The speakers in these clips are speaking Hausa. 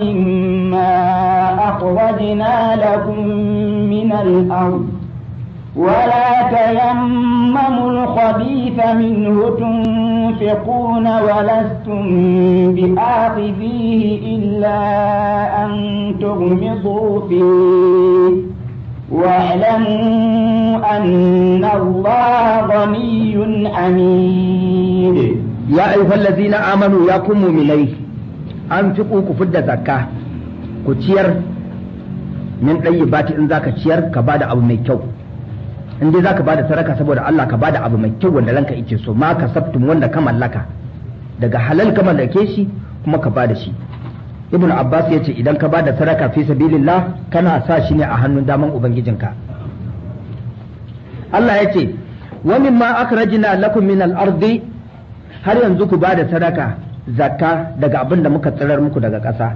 مما أخرجنا لكم من الأرض ولا تيمموا الخبيث منه تنفقون ولستم بآخذيه إلا أن تغمضوا فيه واعلموا أن الله غني حميد يا أيها الذين آمنوا يا كم إليه an fi ku fidda zakka ku ciyar min ɗayi ta in za ka ciyar ka ba da abu mai kyau in dai ba da saraka saboda Allah ka ba da abu mai kyau wanda ranka ike so ma ka sabtum wanda ka mallaka daga halal ka mallake shi kuma ka ba da shi ibn abbas ya ce idan ka ba da sadaka fi sabilillah kana sa shi ne a hannun daman ubangijinka Allah ya ce wa mimma akhrajna lakum min al-ardi har yanzu ku ba da sadaka zakka daga abin da muka tsirar muku daga ƙasa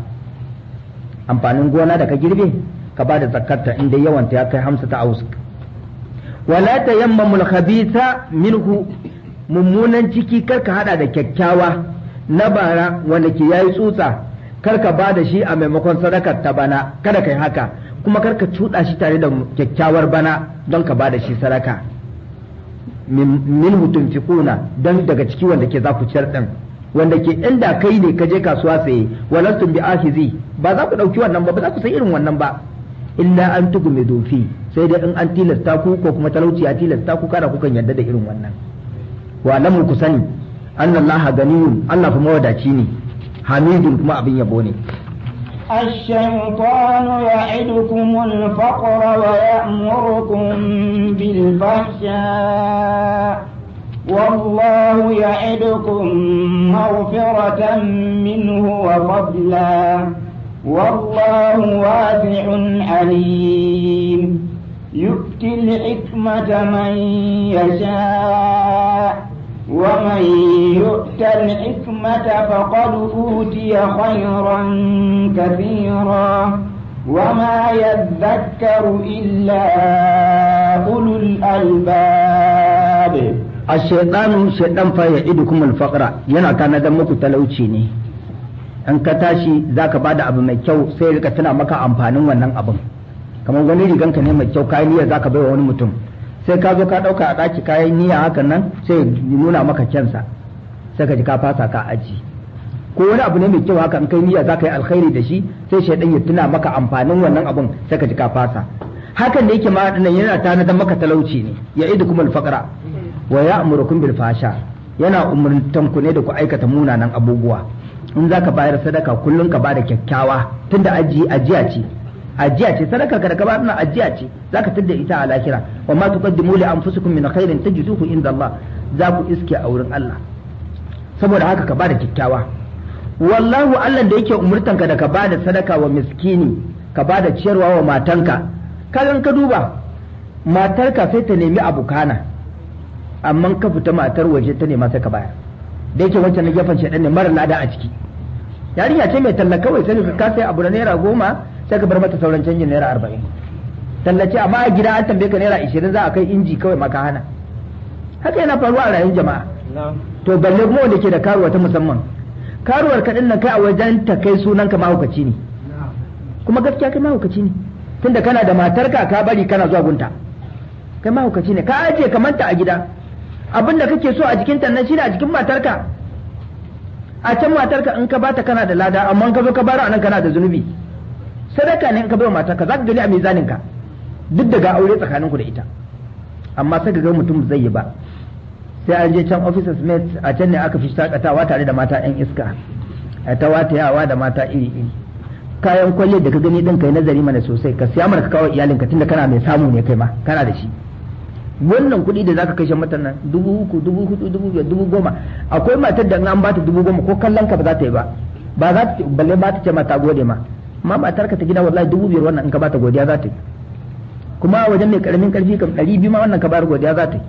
amfanin gona da ka girbe ka ba da zakarta inda yawanta ya kai hamsa ta aus wala ta yammamul khabitha minhu mummunan ciki kar ka hada da kyakkyawa na bara wanda ke yayi tsutsa kar ka ba da shi a maimakon sadakar ta bana kada kai haka kuma kar ka cuɗa shi tare da kyakkyawar bana don ka ba da shi sadaka min hutunfikuna don daga ciki wanda ke za ku ciyar din wanda ke inda kai ne ka je kasuwa saye walastum bi ahizi ba za ku dauki wannan ba ba za ku san irin wannan ba illa an mai dofi sai dai in an tilasta ku ko kuma talauci ya tilasta ku kada kukan yarda da irin wannan wa lamu ku sani annallaha ganiyun Allah kuma wadaci ne hamidun kuma abin yabo ne الشيطان يعدكم الفقر ويأمركم بالفحشاء والله يعدكم مغفرة منه وفضلا والله واسع عليم يؤتي الحكمة من يشاء ومن يؤت الحكمة فقد أوتي خيرا كثيرا وما يذكر إلا أولو الألباب a shaidanu shaidan fa ya idu kuma alfaqra yana tanadar muku talauci ne in ka tashi zaka bada abu mai kyau sai rika tuna maka amfanin wannan abin kamar wani rigan ka ne mai kyau kayan niyya zaka bai wa wani mutum sai ka zo ka dauka a daki kayan niyya hakan nan sai nuna maka kyansa sai ka ji ka fasa ka aji ko wani abu ne mai kyau haka in kai niyya zaka yi alkhairi da shi sai shaidan ya tuna maka amfanin wannan abin sai ka ji ka fasa hakan da yake ma yana tanadar maka talauci ne ya idu kuma alfaqra wa ya ya'murukum bil fasha yana umurtan ku ne da ku aikata munanan abubuwa in zaka bayar sadaka kullun ka bada kyakkyawa tunda aji ajiya ce ajiya ce sadaka ka da ka bada ajiya ce zaka tada ita a lahira wa ma tuqaddimu li anfusikum min khairin tajiduhu inda Allah za ku iske a wurin Allah saboda haka ka bada kyakkyawa wallahu Allah da yake ka da ka bada sadaka wa miskini ka bada ciyarwa wa matanka kalan ka duba matarka sai ta nemi abu amma ka fita matar waje ta nema sai ka bayar da yake wancan na gefen shaidan ne mara lada a ciki yarinya ce mai talla kawai sai ka kasa abu da naira goma sai ka bar mata sauran canjin naira arba'in tallace amma a gida an tambaye ka naira ishirin za a kai inji kawai maka hana haka yana faruwa a rayuwar jama'a to balle kuma wanda ke da karuwa ta musamman karuwar kaɗin nan kai a wajen ta kai sunan ka mahaukaci ne kuma gaskiya kai mahaukaci ne tunda kana da matar ka bari kana zuwa gunta kai mahaukaci ne ka ajiye kamanta a gida abin da kake so a jikin ta shi ne a jikin matarka a can matarka in ka bata kana da lada amma ka zo ka bara anan kana da zunubi sadaka ne in ka bai matarka za ka gani a mizanin ka duk daga aure tsakaninku da ita amma sai ka ga mutum zai yi ba sai an je can officers mate a can ne aka fi shakatawa tare da mata yan iska a ta yawa da mata iri iri kayan kwalliyar da ka gani din kai nazari mana sosai ka siya mana ka kawo iyalinka tunda kana mai samu ne kai ma kana da shi wannan kuɗi da zaka kashe mata nan dubu uku dubu hudu dubu biyar dubu goma akwai matar da an bata dubu goma ko kallon ka ba za ta yi ba ba za ta balle ba ta ce mata gode ma amma matar ka ta gida wallahi dubu biyar wannan in ka bata godiya za ta yi kuma wajen mai karamin karfi kam ɗari biyu ma wannan ka bayar godiya za ta yi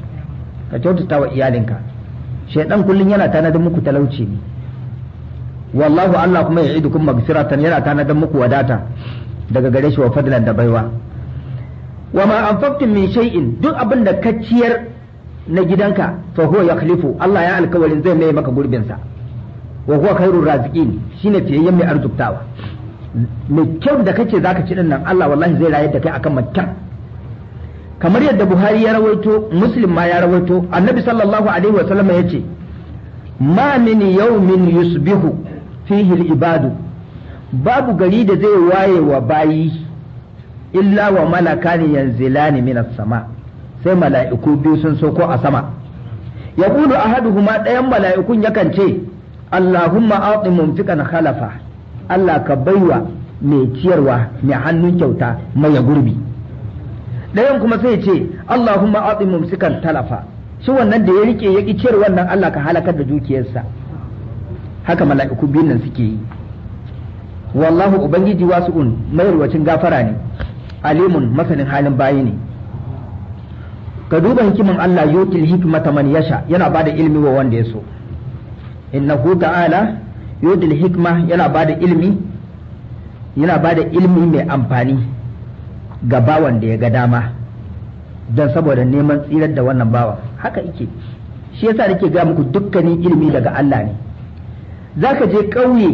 ka kyautata wa iyalinka shaidan kullum yana tanadin muku talauci ne wallahu Allah kuma ya idukum magfiratan yana tanadin muku wadata daga gare shi wa fadlan da baiwa wa ma anfaqtum min shay'in duk abin da ka ciyar na gidanka fa huwa yakhlifu Allah ya alkawarin zai mai maka gurbin sa wa huwa khairur raziqin shine fiyayyen mai arzuktawa mai kyau da kake zaka ci nan Allah wallahi zai rayar da kai akan makkah kamar yadda Buhari ya rawaito Muslim ma ya rawaito Annabi sallallahu alaihi wa sallam yace ma min yawmin yusbihu fihi al-ibadu babu gari da zai waye wa bayi illa wa malakani yanzilani minas sama sai mala'iku biyu sun sauko a sama ya kudu ahaduhuma ɗayan mala'ikun yakan ce allahumma a'ti mumfiqan khalafa Allah ka baiwa mai ciyarwa mai hannun kyauta mai gurbi ɗayan kuma sai ce allahumma a'ti mumsikan talafa shi wannan da ya rike ya ki ciyar wannan Allah ka halakar da dukiyarsa haka mala'iku biyun nan suke yi wallahu ubangiji wasu'un mayarwacin gafara ne alimun masanin halin bayi ne ka duba hikiman Allah yodil hikmata man yasha yana bada ilmi wa wanda ya so innahu ta'ala yudil hikma yana bada ilmi yana bada ilmi mai amfani ga bawan da ya ga dama don saboda neman tsirar da wannan bawa haka ike shi yasa nake ga muku dukkanin ilmi daga Allah ne zaka je ƙauye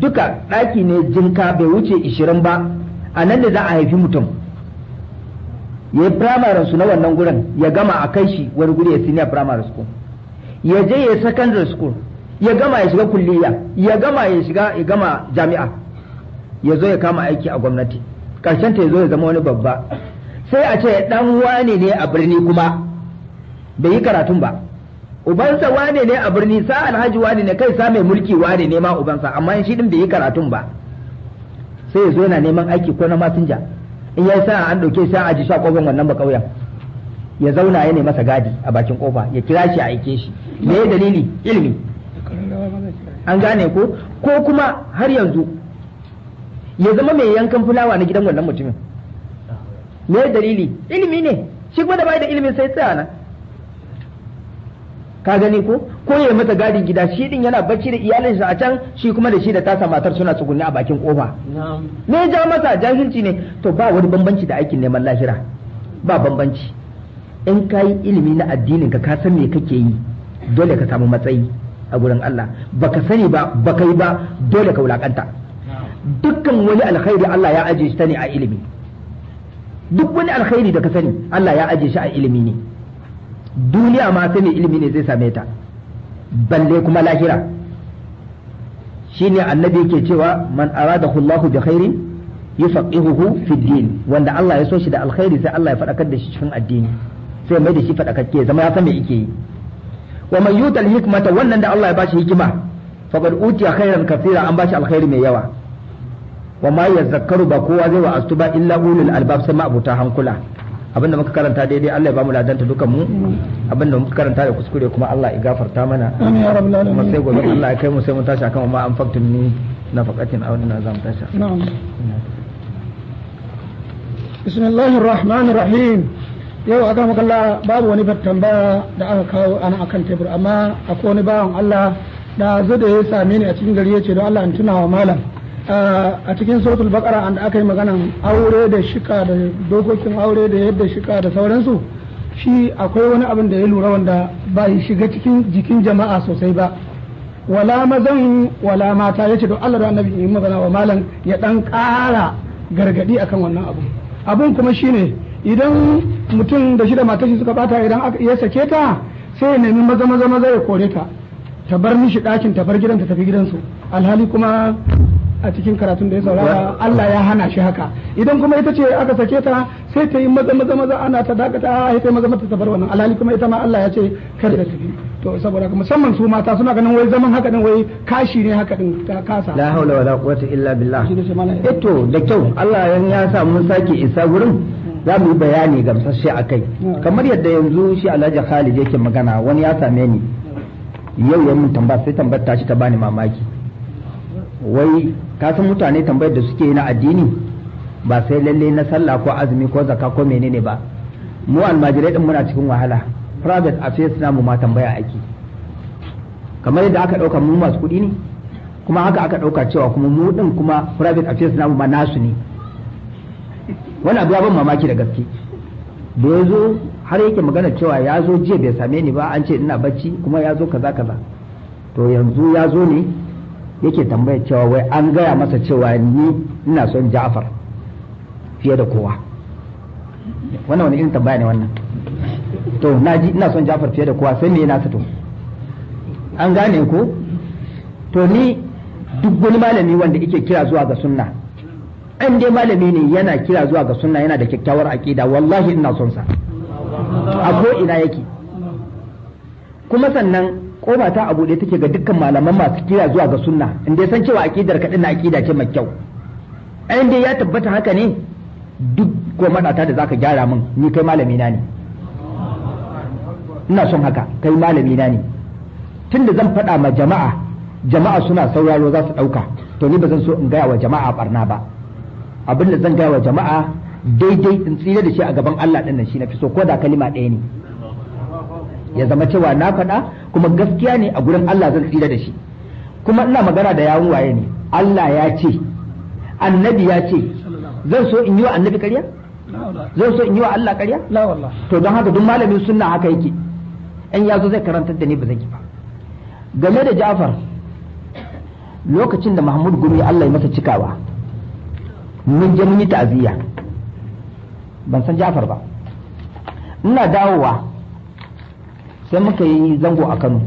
duka ɗaki ne jinka bai wuce ishirin ba a nan da za a haifi mutum ya yi primary su na wannan gurin ya gama a kai shi wani guri ya senior primary school ya je ya secondary school ya gama ya shiga kulliya ya gama ya shiga ya gama jami'a ya zo ya kama aiki a gwamnati karshen ta ya zo ya zama wani babba sai a ce dan wane ne a birni kuma bai yi karatun ba ubansa wane ne a birni sa alhaji wane ne kai sa mai mulki wane ne ma ubansa amma shi din bai yi karatun ba sai ya zo yana neman aiki ko na masinja in ya sa an ɗauke sai a ji sha kofar wannan bakauyen ya zauna ya masa gadi a bakin kofa ya kira shi a aike shi me dalili ilimi an gane ko ko kuma har yanzu ya zama mai yankan fulawa na gidan wannan mutumin me dalili ilimi ne shi kuma da bai da ilimin sai tsaya nan ka gani ko ko ya mata gadin gida shi din yana bacci da iyalinsa a can shi kuma da shi da tasa matar suna tsugunni a bakin kofa me ya ja masa jahilci ne to ba wani bambanci da aikin neman lahira ba bambanci in ka ilimi na addinin ka ka san me kake yi dole ka samu matsayi a gurin Allah baka sani ba baka yi ba dole ka wulakanta dukkan wani alkhairi Allah ya aje shi ne a ilimi duk wani alkhairi da ka sani Allah ya aje shi a ilimi ne duniya ma sai mai ilimi ne zai same ta balle kuma lahira shine annabi yake cewa man aradahu Allahu bi khairin yufaqihuhu fi din wanda Allah ya so shi da alkhairi sai Allah ya fadakar da shi cikin addini sai mai da shi fadakakke zama ya san me yake yi wa man yutal hikmata wannan da Allah ya bashi hikima faqad utiya khairan kathira an bashi alkhairi mai yawa wa ma yazakkaru ba kowa zai wa astuba illa ulul albab sai ma abuta hankula abinda muka karanta daidai Allah ya bamu ladanta dukan mu abinda muka karanta da kuskure kuma Allah ya gafarta mana kuma sai gobe Allah ya kai mu sai mun tashi akan ma an faktun ni na faqatin aw na zamu tashi na'am bismillahir rahmanir rahim yau aka maka kalla babu wani tambaya da aka kawo ana akan tebur amma akwai wani bawan Allah da zo da ya same ni a cikin gari ya ce don Allah in tunawa malam a cikin bakara an da aka yi maganan aure da shika da dokokin aure da yadda shika da sauransu shi akwai wani abin da ya lura wanda ba ya shiga cikin jikin jama'a sosai ba wala mazan wala mata ya ce don Allah da annabi yi magana wa malam ya dan kara gargadi akan wannan abu abun kuma shine idan mutum da shi da matashi suka bata idan ya sake ta sai ya nemi maza maza maza ya kore ta ta bar mishi ɗakin ta bar gidan ta tafi gidansu alhali kuma a cikin karatun da ya saurara Allah ya hana shi haka idan kuma ita ce aka sake ta sai ta yi maza maza maza ana ta dakata a ta maza mata ta bar wannan alhali kuma ita ma Allah ya ce kar da tafi to saboda musamman su mata suna ganin wai zaman haka din wai kashi ne haka din ta kasa la haula wala quwwata illa billah to da kyau Allah ya sa mun sake isa gurin za mu yi bayani gamsasshe a kai hmm. kamar yadda yanzu shi alhaji khalid yake magana wani ya same ni yau ya mun tambaya sai tambayar ta shi ta bani mamaki wai kasan mutane tambayar da suke na addini ba sai lalle na sallah ko azumi ko zakka ko menene ba mu almajirai din muna cikin wahala private affairs namu ma tambaya ake kamar yadda aka dauka mu masu kuɗi ne kuma haka aka dauka cewa kuma mu din kuma private affairs namu ma nasu ne wani abu ya ban mamaki da gaske da ya zo har yake magana cewa ya zo jiya bai same ni ba an ce ina bacci kuma ya zo kaza kaza to yanzu ya zo ne yake tambayar cewa wai an gaya masa cewa ni ina son Ja'far fiye da kowa wannan wani irin tambaya ne wannan to na ji ina son Ja'far fiye da kowa sai me na to an gane ko to ni duk wani malami wanda yake kira zuwa ga sunna an dai malami ne yana kira zuwa ga sunna yana da kyakkyawar aƙida, wallahi ina son sa a ko ina yake kuma sannan ko ta abu ɗaya take ga dukkan malaman masu kira zuwa ga sunna in dai san cewa akidar kaɗin na akida ce mai kyau An dai ya tabbata haka ne duk ko maɗata da zaka gyara min ni kai malami na ne ina son haka kai malami na ne tunda zan faɗa ma jama'a jama'a suna sauraro za su ɗauka to ni ba zan so in gaya wa jama'a barna ba abin da zan gaya wa jama'a daidai in tsira da shi a gaban Allah ɗin nan shi na fi so ko da kalima ɗaya ne ya zama cewa na faɗa kuma gaskiya ne a gurin Allah zan tsira da shi kuma ina magana da yawun waye ne Allah ya ce annabi ya ce zan so in yi wa annabi ƙarya zan so in yi wa Allah ƙarya to don haka duk malamin sunna haka yake in ya zo zai karantar da ni ba zan yi ba game da Ja'far lokacin da Mahmud Gumi Allah ya masa cikawa mun je mun yi ta'aziyya ban san Ja'far ba ina dawowa sai muka yi zango a Kano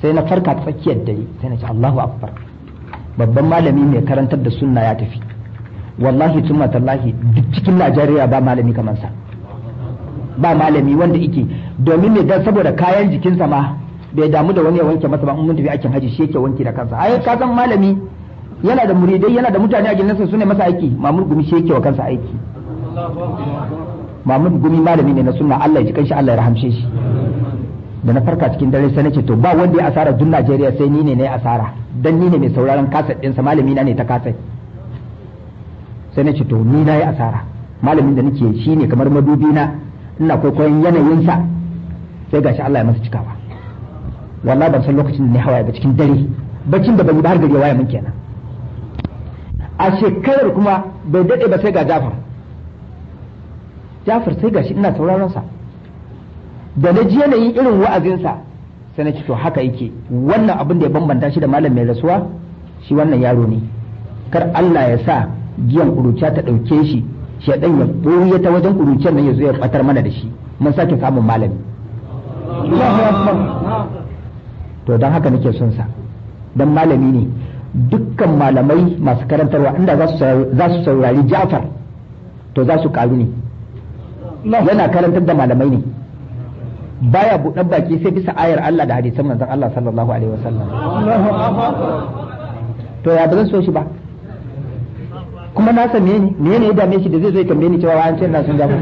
sai na farka tsakiyar dare sai na ce Allahu akbar babban malami mai karantar da sunna ya tafi wallahi tun matallahi duk cikin Najeriya ba malami kamar sa ba malami wanda yake domin ne dan saboda kayan jikinsa ma bai damu da wani ya wanke masa ba in mun tafi aikin haji shi yake wanki da kansa ai ka san malami yana da muridai yana da mutane a gidansa su ne masa aiki mamur gumi shi yake wa kansa aiki Mahmud gumi malami ne na sunna Allah ya ji kanshi Allah ya rahamshe shi da na farka cikin dare sai nace to ba wanda ya asara duk Najeriya sai ni ne na asara dan ni ne mai sauraron kaset ɗinsa malami na ne ta kaset sai nace to ni na yi asara malamin da nake shi ne kamar madubi na ina kwaikwayon yanayinsa sai gashi Allah ya masa cikawa wallahi ban san lokacin da ni hawaye ba cikin dare baccin da ban yi ba har gari ya waya min kenan a shekarar kuma bai daɗe ba sai ga Jafar jafar sai gashi ina sauraron sa da na ji yanayin irin wa'azinsa sai na ci to haka yake wannan abin da ya bambanta shi da malam mai rasuwa shi wannan yaro ne kar Allah ya sa giyan kuruciya ta ɗauke shi dan ya boye ta wajen kuruciyar nan ya zo ya batar mana da shi mun sake samun malami to don haka nake son sa don malami ne dukkan malamai masu karantarwa inda za su saurari jafar to za su karu ne yana karantar da malamai ne baya buɗan baki sai bisa ayar Allah da hadisan manzon Allah sallallahu alaihi wasallam to ya bazan so shi ba kuma na san meye ne ne ya dame shi da zai zo ya tambaye ni cewa an ce na sun gaba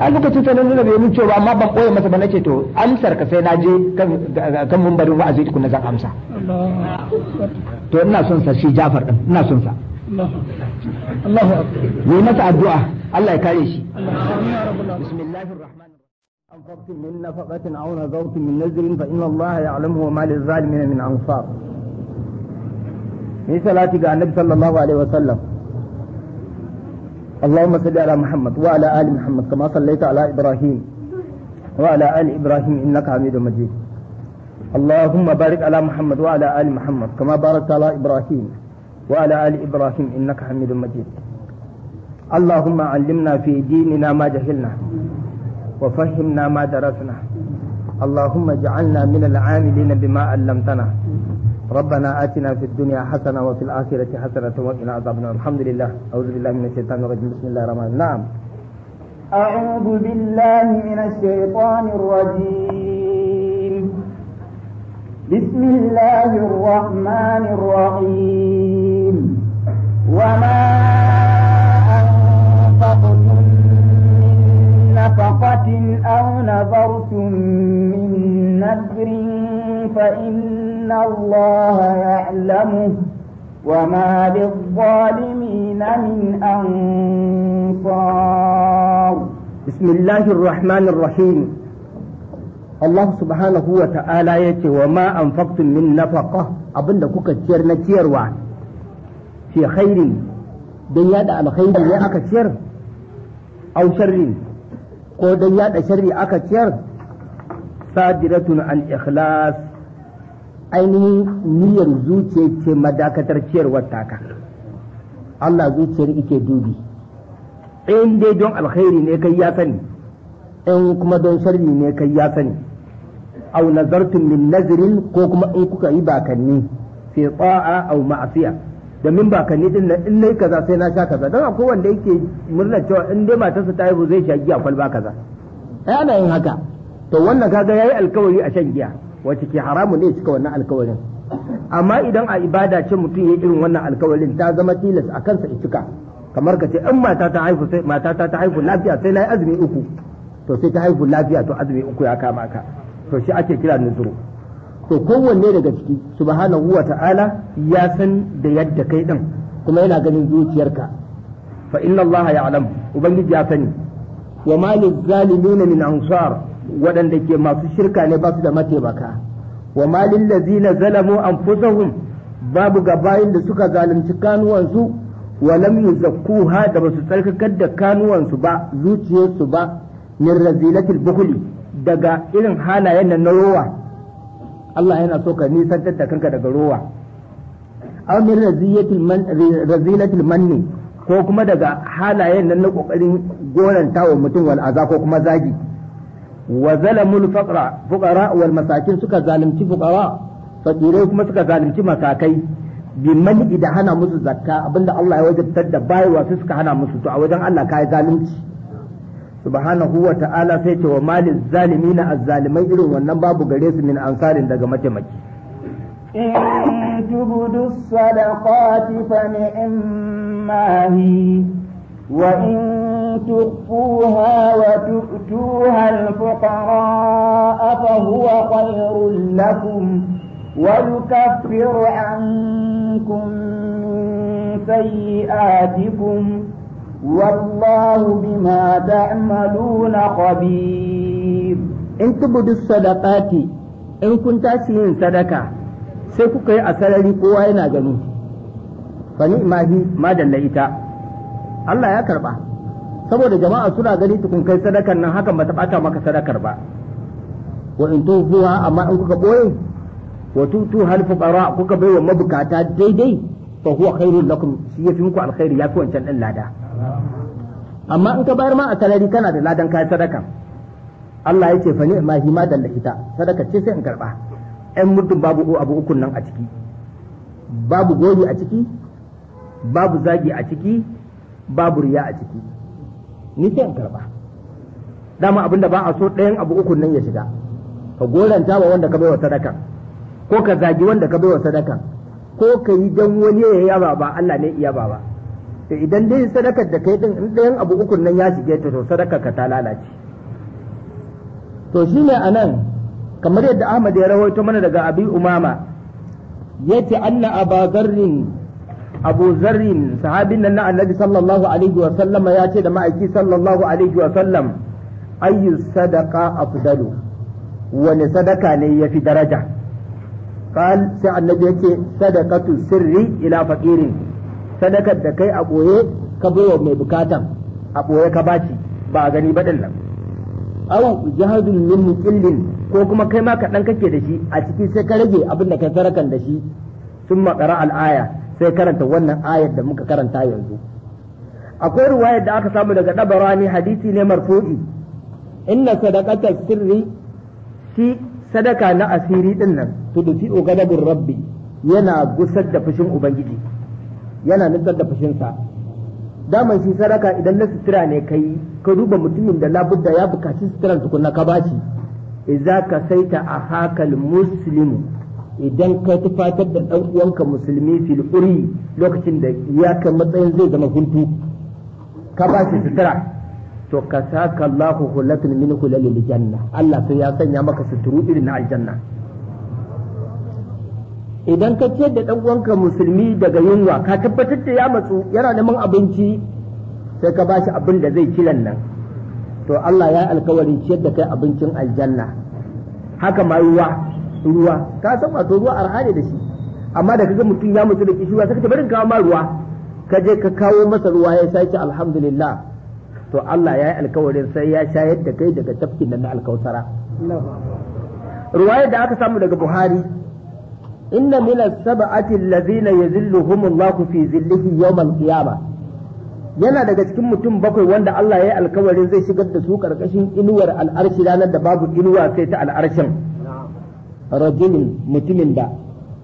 a lokacin sanin nuna bai mun cewa amma ban koya masa ba nace to amsar ka sai na je kan mumbarin wa'azi tukuna zan amsa to ina son sa shi Jafar din ina son sa Allahu akbar yi masa addu'a Allah ya kare shi bismillahir rahmanir an faqtu min nafaqatin aw nazartu min nazrin fa inna Allah ya'lamu wa ma lizalimin min ansar ni salati ga annabi wa اللهم صل على محمد وعلى آل محمد كما صليت على إبراهيم وعلى آل إبراهيم إنك حميد مجيد اللهم بارك على محمد وعلى آل محمد كما باركت على إبراهيم وعلى آل إبراهيم إنك حميد مجيد اللهم علمنا في ديننا ما جهلنا وفهمنا ما درسنا اللهم اجعلنا من العاملين بما علمتنا ربنا آتنا في الدنيا حسنة وفي الآخرة حسنة وقنا عذابنا الحمد لله أعوذ بالله من الشيطان الرجيم بسم الله الرحمن الرحيم نعم أعوذ بالله من الشيطان الرجيم بسم الله الرحمن الرحيم وما أو نذرتم من نذر فإن الله يعلمه وما للظالمين من أنصار بسم الله الرحمن الرحيم Allah subhanahu wa ta'ala ya ce wa ma an min nafaqa abinda kuka ciyar na ciyarwa ce khairin don yada alkhairi ya aka ciyar au ko dan yada sharri aka ciyar sadiratun an ikhlas ainihin niyyar zuciya ce madakatar ciyarwar taka Allah zuciyar ike dubi in dai don alkhairi ne kai ya sani in kuma don sharri ne kai ya sani au nazartum min nazrin ko kuma in kuka yi bakanni fi ta'a au ma'asiya da min ba ka din na in nai kaza sai na sha kaza don akwai wanda yake murnar cewa in dai matarsa ta haihu zai sha giya kwalba kaza ai ana yin haka to wannan kaga yayi alkawari a shan giya wacce ke haramu ne cika wannan alkawarin amma idan a ibada ce mutum ya irin wannan alkawarin ta zama tilas a kansa ya cika kamar ka ce in mata ta haihu sai mata ta ta haihu lafiya sai nayi azumi uku to sai ta haihu lafiya to azumi uku ya kama ka to shi ake kira nuzuru to kowanne daga ciki subhanahu wa ta'ala ya san da yadda kai din kuma yana ganin zuciyarka fa inna allaha ya'lam ubangiji ya sani wa ma lizzalimina min ansar waɗanda ke masu shirka ne ba su da mataimaka wa ma lillazina zalamu anfusahum babu gabayin da suka zalunci kanuwansu wa lam yuzakkuha da basu tsarkakar da kanuwansu ba zuciyarsu ba min razilatil bukhli daga irin halayen nan na rowa Allah yana so ka nisantar da kanka daga rowa amir razilatul manni ko kuma daga halayen nan na kokarin goranta wa mutum wal aza ko kuma zagi wa zalamul faqra fuqara wal masakin suka zalunci fuqara fakirai kuma suka zalunci masakai bi man da hana musu zakka abinda Allah ya wajabtar da bayarwa su suka hana musu to a wajen Allah kai zalunci subhanahu wa ta'ala sai ce wa malil na azzalimai irin wannan babu gare su min ansarin daga mataimaki in tubudu sadaqati fa ni'ma hi wa in tukhfuha wa tu'tuha al-fuqara fa huwa khayrun lakum ويكفر عنكم من سيئاتكم والله بما تعملون خبير إن sadaka, الصدقات إن كنت أسين صدقة سيكوك أسرري قوة ناجنو فنعم هي ما دلئتا الله يا كربا saboda jama'a suna gani tukun kai sadakar nan hakan ba ta bata maka sadakar ba wa in huwa amma in kuka boye wa tutu hal fuqara kuka baiwa mabukata daidai fa huwa khairul lakum shi yafi muku alkhairi yafi wancan ɗan lada amma in ka bayar ma a sarari kana da ladan kayan sadaka Allah yake fa ni ma hima da lakita sadaka ce sai in karba ɗan muddin babu abu ukun nan a ciki babu gobi a ciki babu zagi a ciki babu riya a ciki ni sai in karba dama abinda ba a so ɗayan abu ukun nan ya shiga ka goranta wa wanda ka baiwa sadaka ko ka zagi wanda ka baiwa sadaka ko ka yi dan wani ya yaba ba Allah ne iya ba ba to idan dai sadakar da kai din in ɗayan abu ukun nan ya shige ta to sadakar ka ta lalace to shine nan kamar yadda Ahmad ya rahoto mana daga Abi Umama yace anna Abu Zarrin Abu Zarrin sahabin nan na Annabi sallallahu alaihi wa sallama ya ce da ma'aiki sallallahu alaihi wa sallam ayyu sadaqa afdalu wani sadaka ne yafi daraja قال سأل النبي صدقة السر إلى فقير sadakar da kai a ɓoye ka baiwa mai bukatan a ɓoye ka baci ba a gani baɗin nan awu jihadun min muqillin ko kuma kai ma kaɗan kake da shi a ciki sai ka rage abin da kai sarakan da shi sun maƙara al'aya sai karanta wannan ayar da muka karanta yanzu akwai ruwayar da aka samu daga ɗabarani hadisi ne marfu'i inna sadaqata sirri shi sadaka na asiri din nan tudfi'u ghadabur rabbi yana gusar da fushin ubangiji yana nutsar da fushinsa daman shi sadaka idan na sutura ne kai ka duba mutumin da labudda ya bukaci suturan tukunna ka bashi. idza ka saita a hakal muslim idan ka tufatar da dan uwanka musulmi fil uri lokacin da ya kai matsayin zai zama huntu ka bashi sutura to ka saka Allahu hulatun min hulalil janna Allah sai ya sanya maka suturu irin na aljanna idan ka ciyar da uwanka musulmi daga yunwa ka tabbatar da ya matsu yana neman abinci sai ka bashi abin da zai kilan nan to Allah ya alkawarin ciyar da kai abincin aljanna haka ma ruwa ruwa ka san wato ruwa arha ne da shi amma da kaga mutum ya mutu da ruwa sai ka bari kawo ma ruwa ka je ka kawo masa ruwa ya sake alhamdulillah to Allah ya yi alkawarin sai ya shayar da kai daga tafkin nan na alkautara ruwayar da aka samu daga Buhari inna min as-sab'ati allazina yadhilluhum Allah fi dhillihi yawm al-qiyamah yana daga cikin mutum bakwai wanda Allah ya yi alkawarin zai shigar da su karkashin inuwar al'arshi ranar da babu inuwa sai ta al'arshin rajulun mutumin da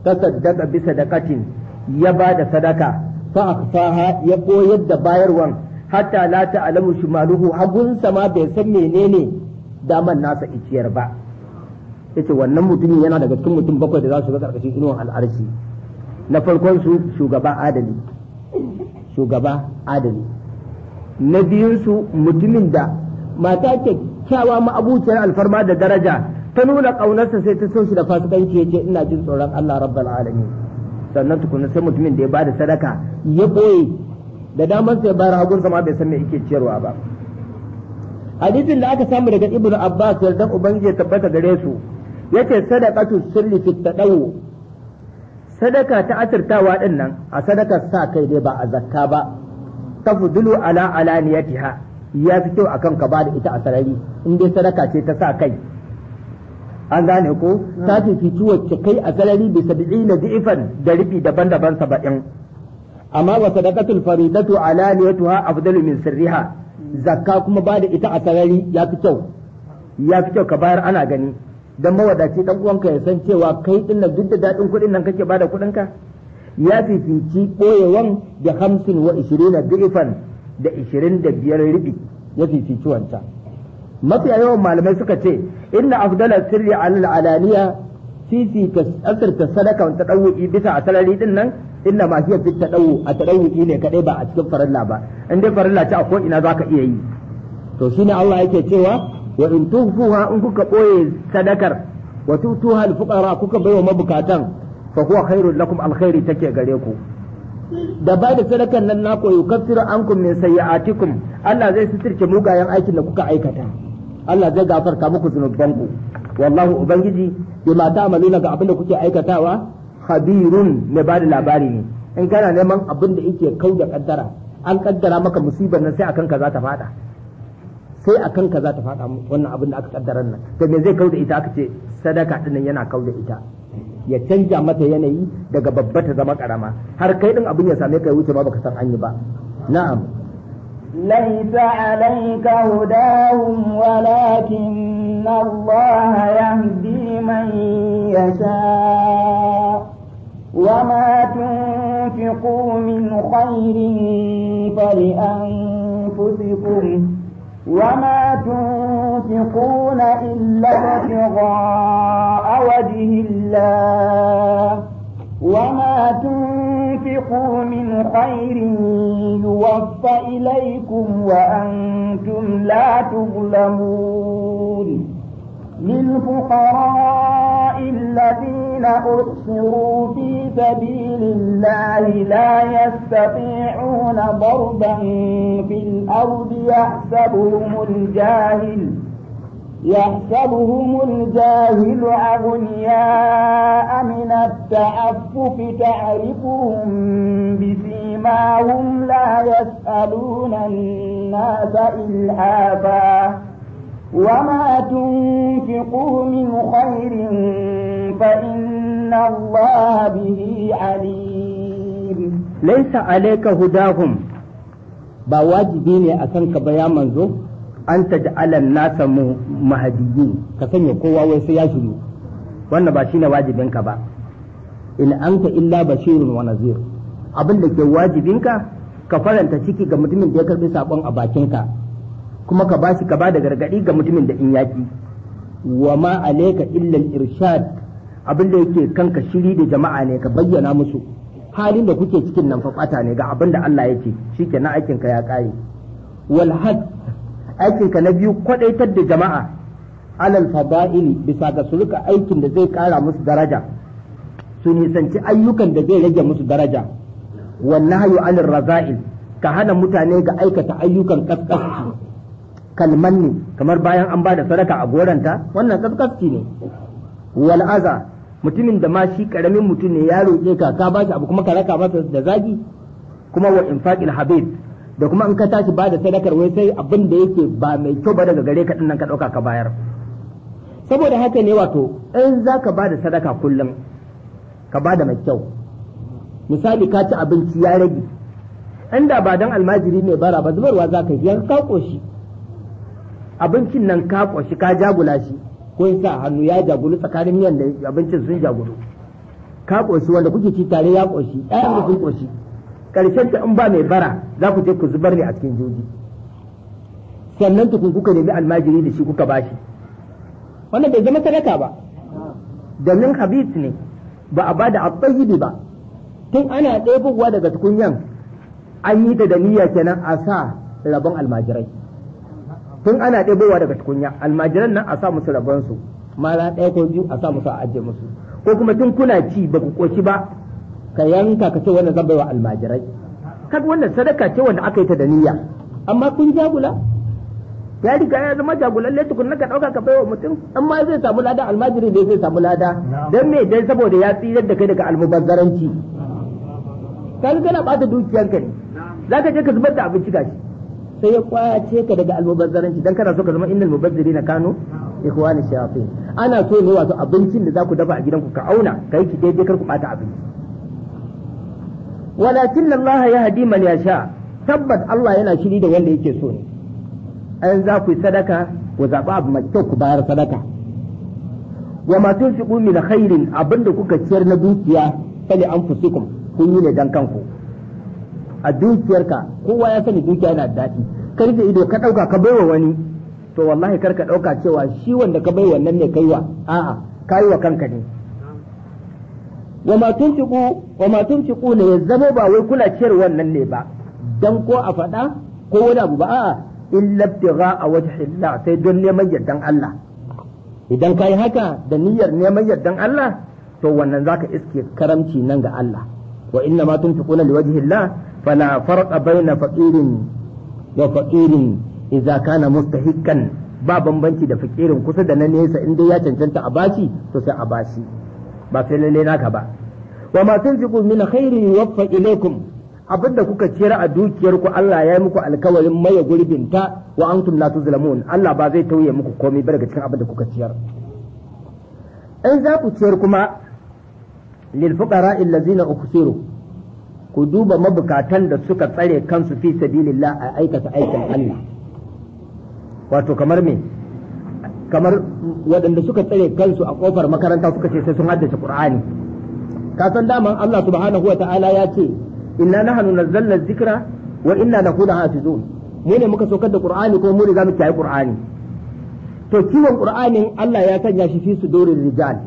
ta saddaka bi sadaqatin ya ba da sadaka fa akfaha ya koyar da bayarwan hatta la ta'lamu shimaluhu hagunsa ma bai san menene daman nasa iciyar ba yace wannan mutumin yana daga cikin mutum bakwai da za su ga karkashin inuwan al'arshi na farkon su shugaba adali shugaba adali na biyun su mutumin da mata kyakkyawa ma'abuciyar alfarma da daraja ta nuna kaunarsa sai ta so shi da fasikanci yace ina jin tsoron Allah rabbal alamin sannan tukuna sai mutumin da ya bada sadaka ya boye da damar sai bayar hagun sama bai san me yake ciyarwa ba hadisin da aka samu daga ibnu abbas yardan ubangiji tabbata gare su yace sadaqatu sirri fi tadawu sadaka ta asirtawa din nan a sadaka sa kai dai ba a zakka ba tafdulu ala alaniyatiha ya fi kyau akan ka ba da ita a sarari in dai sadaka ce ta sa kai an gane ko mm. ta fifici wacce kai a sarari bi sab'ina di'ifan da rubi daban-daban saba'in amma wa sadaqatul faridatu alaniyatuha afdalu min sirriha mm. zakka kuma ba da ita a sarari ya fi kyau ya fi kyau ka bayar ana gani dan mawadaci dan uwanka ya san cewa kai din nan duk da dadin kuɗin nan kake bada kuɗin ka ya fifici boyewan da hamsin wa ishirin da da ishirin da biyar ribi ya fifici wancan mafiya yawan malamai suka ce inna afdala sirri alal alaniya fifita asirta sadaka ta ɗauki bisa a salari din nan inna ma hiya fit tadawu a tadawuki ne kadai ba a cikin farilla ba in dai farilla ce a ko ina zaka iya yi to shine Allah yake cewa wa in tuhfuha in kuka boye sadakar wa tutuha al fuqara kuka baiwa mabukatan fa huwa lakum alkhairi take gare ku da ba da sadakar nan na koyo kafira ankum min sayyi'atikum Allah zai sitirce mugayen aikin da kuka aikata Allah zai gafarta muku zunubanku wallahu ubangiji bima ta'maluna ga abinda kuke aikatawa khabirun mai bada labari ne in kana neman abinda yake kau da kaddara an kaddara maka musibar nan sai akan ka za ta fada sai akan ka za ta faɗa wannan abin da aka kaddara nan to me zai kau da ita aka ce sadaka din yana kau da ita ya canja mata yanayi daga babba ta zama karama har kai din abin ya same ka ya wuce ma baka san an yi ba na'am laisa عليك هداهم walakin الله يهدي من يشاء وما تنفقوا من خير فلأنفسكم وما تنفقون إلا ابتغاء وجه الله وما تنفقوا من خير يوفى إليكم وأنتم لا تظلمون للفقراء الذين أحصروا في سبيل الله لا يستطيعون ضربا في الأرض يحسبهم الجاهل يحسبهم الجاهل أغنياء من التعفف تعرفهم بسيماهم لا يسألون الناس إلحافا وما تنفقوا من خير فإن الله به عليم ليس عليك هداهم ba wajibi ne a kan ka baya manzo an ta ja'alan nasa mu mahadiyin ka sanya kowa wai sai ya shiru wannan ba shine wajibin ka ba in anta illa bashirun wa nazir abin da ke wajibinka ka faranta ciki ga mutumin da ya karbi sakon a bakinka kuma ka bashi ka ba da gargaɗi ga mutumin da in yaƙi wa ma alayka illa irshad abin da yake kanka shiri da jama'a ne ka bayyana musu halin da kuke cikin nan fa ne ga abin da Allah yake na aikin ka ya kare wal had aikin ka na biyu kwadaitar da jama'a alal fada'ili bisa ga suruka aikin da zai kara musu daraja su nisanci ayyukan da zai rage musu daraja wannan hayu anir raza'il ka hana mutane ga aikata ayyukan kaskasci kalman ne kamar bayan an ba da sadaka a goranta wannan kaskasci ne wal aza mutumin da ma shi karamin mutum ne ya roƙe ka ka ba shi abu kuma ka raka masa da zagi kuma wa infaqil habib da kuma in ka tashi ba da sadakar wai sai abin da yake ba mai kyau ba daga gare ka din nan ka ɗauka ka bayar saboda haka ne wato in zaka ba da sadaka kullum ka ba da mai kyau misali ka ci abinci ya rage inda ba dan almajiri mai bara ba zubarwa zaka ka yi ka koshi abincin nan ka kwashi ka jagula shi kun sa hannu ya jagulu tsakanin miyan da abincin sun jagulu ka ƙoshi wanda kuke ci tare ya koshi ɗayan da kun koshi karshen ta in ba mai bara za ku je ku zubar ne a cikin juji sannan tukun kuka nemi almajiri da shi kuka bashi wannan bai zama sadaka ba domin habit ne ba a bada abbayibi ba tun ana ɗebowa daga tukunyan an yi da da niyya kenan a sa rabon almajirai tun ana ɗebowa daga tukunya almajiran nan a sa musu rabonsu mara ɗaya ko biyu a sa musu a ajiye musu ko kuma tun kuna ci ba ku ƙoshi ba ka yanka ka ce wannan zan almajirai kan wannan sadaka ce wanda aka yi ta da niyya amma kun jagula ya riga ya zama jagulalle tukunna ka ɗauka ka baiwa mutum amma zai samu lada almajiri ne zai samu lada dan me dai saboda ya tsirar da kai daga almubazzaranci ka ga kana bata dukiyanka ne zaka je ka zubar da abinci gashi sai ya kwace ka daga almubazzaranci dan kana so ka zama innal mubazzirina kanu ikhwani shayatin ana so ne wato abincin da za ku dafa a gidanku ka auna kai ki daidai kar ku bata abinci walakin Allah ya hadi man yasha tabbat Allah yana shiri da wanda yake so ne an za ku yi sadaka ku zaɓa abu mai kyau ku bayar sadaka wa ma tunfiqu min khairin abinda kuka ciyar na dukiya fali anfusikum kun yi ne dan kanku a dukiyarka kowa ya sani dukiya yana daɗi ka rike ido ka ɗauka ka baiwa wani to wallahi kar ka ɗauka cewa shi wanda ka baiwa nan ne kaiwa a'a kaiwa kanka ne wa ma tunfiqu wa ma tunfiqu ne ya zama ba wai kula ciyar wannan ne ba dan ko a faɗa ko wani abu ba a'a illa wajen wajhillah sai don neman yardan Allah idan kai haka da niyyar neman yardan Allah to wannan zaka iske karamci nan ga Allah wa inna ma tunfiquna Allah فلا فرق بين فقير وفقير إذا كان ba bambanci da fakirin kusa da na nesa in dai ya cancanta a bashi to sai a bashi ba sai lalle naka ba wa ma tunfiqu min khairin yuwaffa ilaykum abinda kuka ciyar a dukiyarku Allah ya yi muku alkawarin maye gurbin ta wa antum la Allah ba zai tauye muku komai ba daga cikin abinda kuka ciyar in za ku ciyar kuma lil fuqara allazina ukhsiru ku duba mabukatan da suka tsare kansu fi sabilillah a aikata aikin Allah wato kamar me kamar waɗanda suka tsare kansu a ƙofar makaranta suka ce sai sun haddace Qur'ani ka san daman Allah subhanahu wa ta'ala ya ce inna nahnu nazzalna zikra wa inna lahu lahafizun mu ne muka saukar da Qur'ani ko mu riga mu kiyaye Qur'ani to kiwon Qur'anin Allah ya sanya shi fi sudurir rijal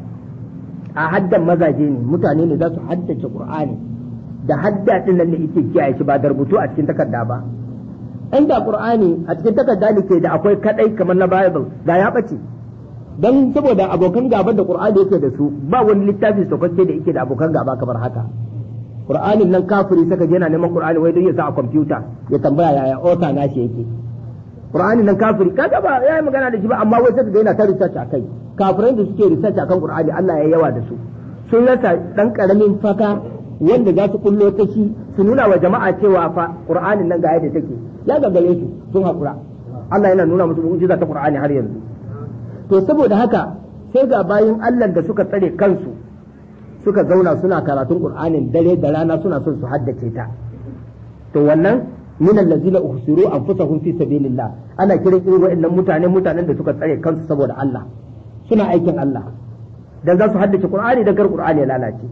a haddan mazaje ne mutane ne za su haddace Qur'ani da hadda din nan ne yake kiyaye shi ba da rubutu a cikin takarda ba inda qur'ani a cikin takarda ne ke da akwai kadai kamar na bible ga ya bace dan saboda abokan gaba da qur'ani yake da su ba wani littafi sokakke da yake da abokan gaba kamar haka qur'anin nan kafiri saka yana neman qur'ani wai don ya sa a kwamfuta ya tambaya yaya ota na shi yake qur'anin nan kafiri kaga ba yayi magana da shi ba amma wai saka yana ta research akai kafirai da suke research akan qur'ani Allah ya yawa da su sun rasa dan karamin faka wanda za su kullo ta shi su nuna wa jama'a cewa fa qur'anin nan ga yadda take ya gagare su sun hakura Allah yana nuna musu mu'jiza ta qur'ani har yanzu to saboda haka sai ga bayan Allah da suka tsare kansu suka zauna suna karatun qur'anin dare da rana suna son su haddace ta to wannan min allazina uhsiru anfusahum fi sabilillah ana kiran irin wa'annan mutane mutanen da suka tsare kansu saboda Allah suna aikin Allah dan za su haddace qur'ani da gar qur'ani ya lalace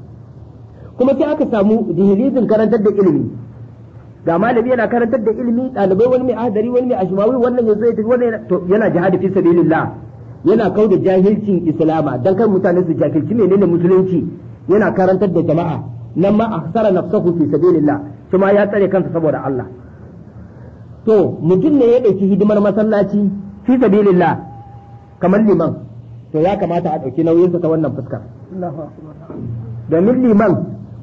kuma sai aka samu dihirizin karantar da ilimi ga malami yana karantar da ilimi ɗalibai wani mai ahadari wani mai ashmawi wannan yanzu ya tafi wannan to yana jihadi fi sabilillah yana kauda jahilcin islama dan kar mutane su jahilci menene musulunci yana karantar da jama'a nan ma ahsara nafsahu fi sabilillah kuma ya tsare kansa saboda Allah to mutum ne ya ɗauki hidimar masallaci fi sabilillah kamar liman to ya kamata a ɗauki nauyinsa ta wannan fuskar domin liman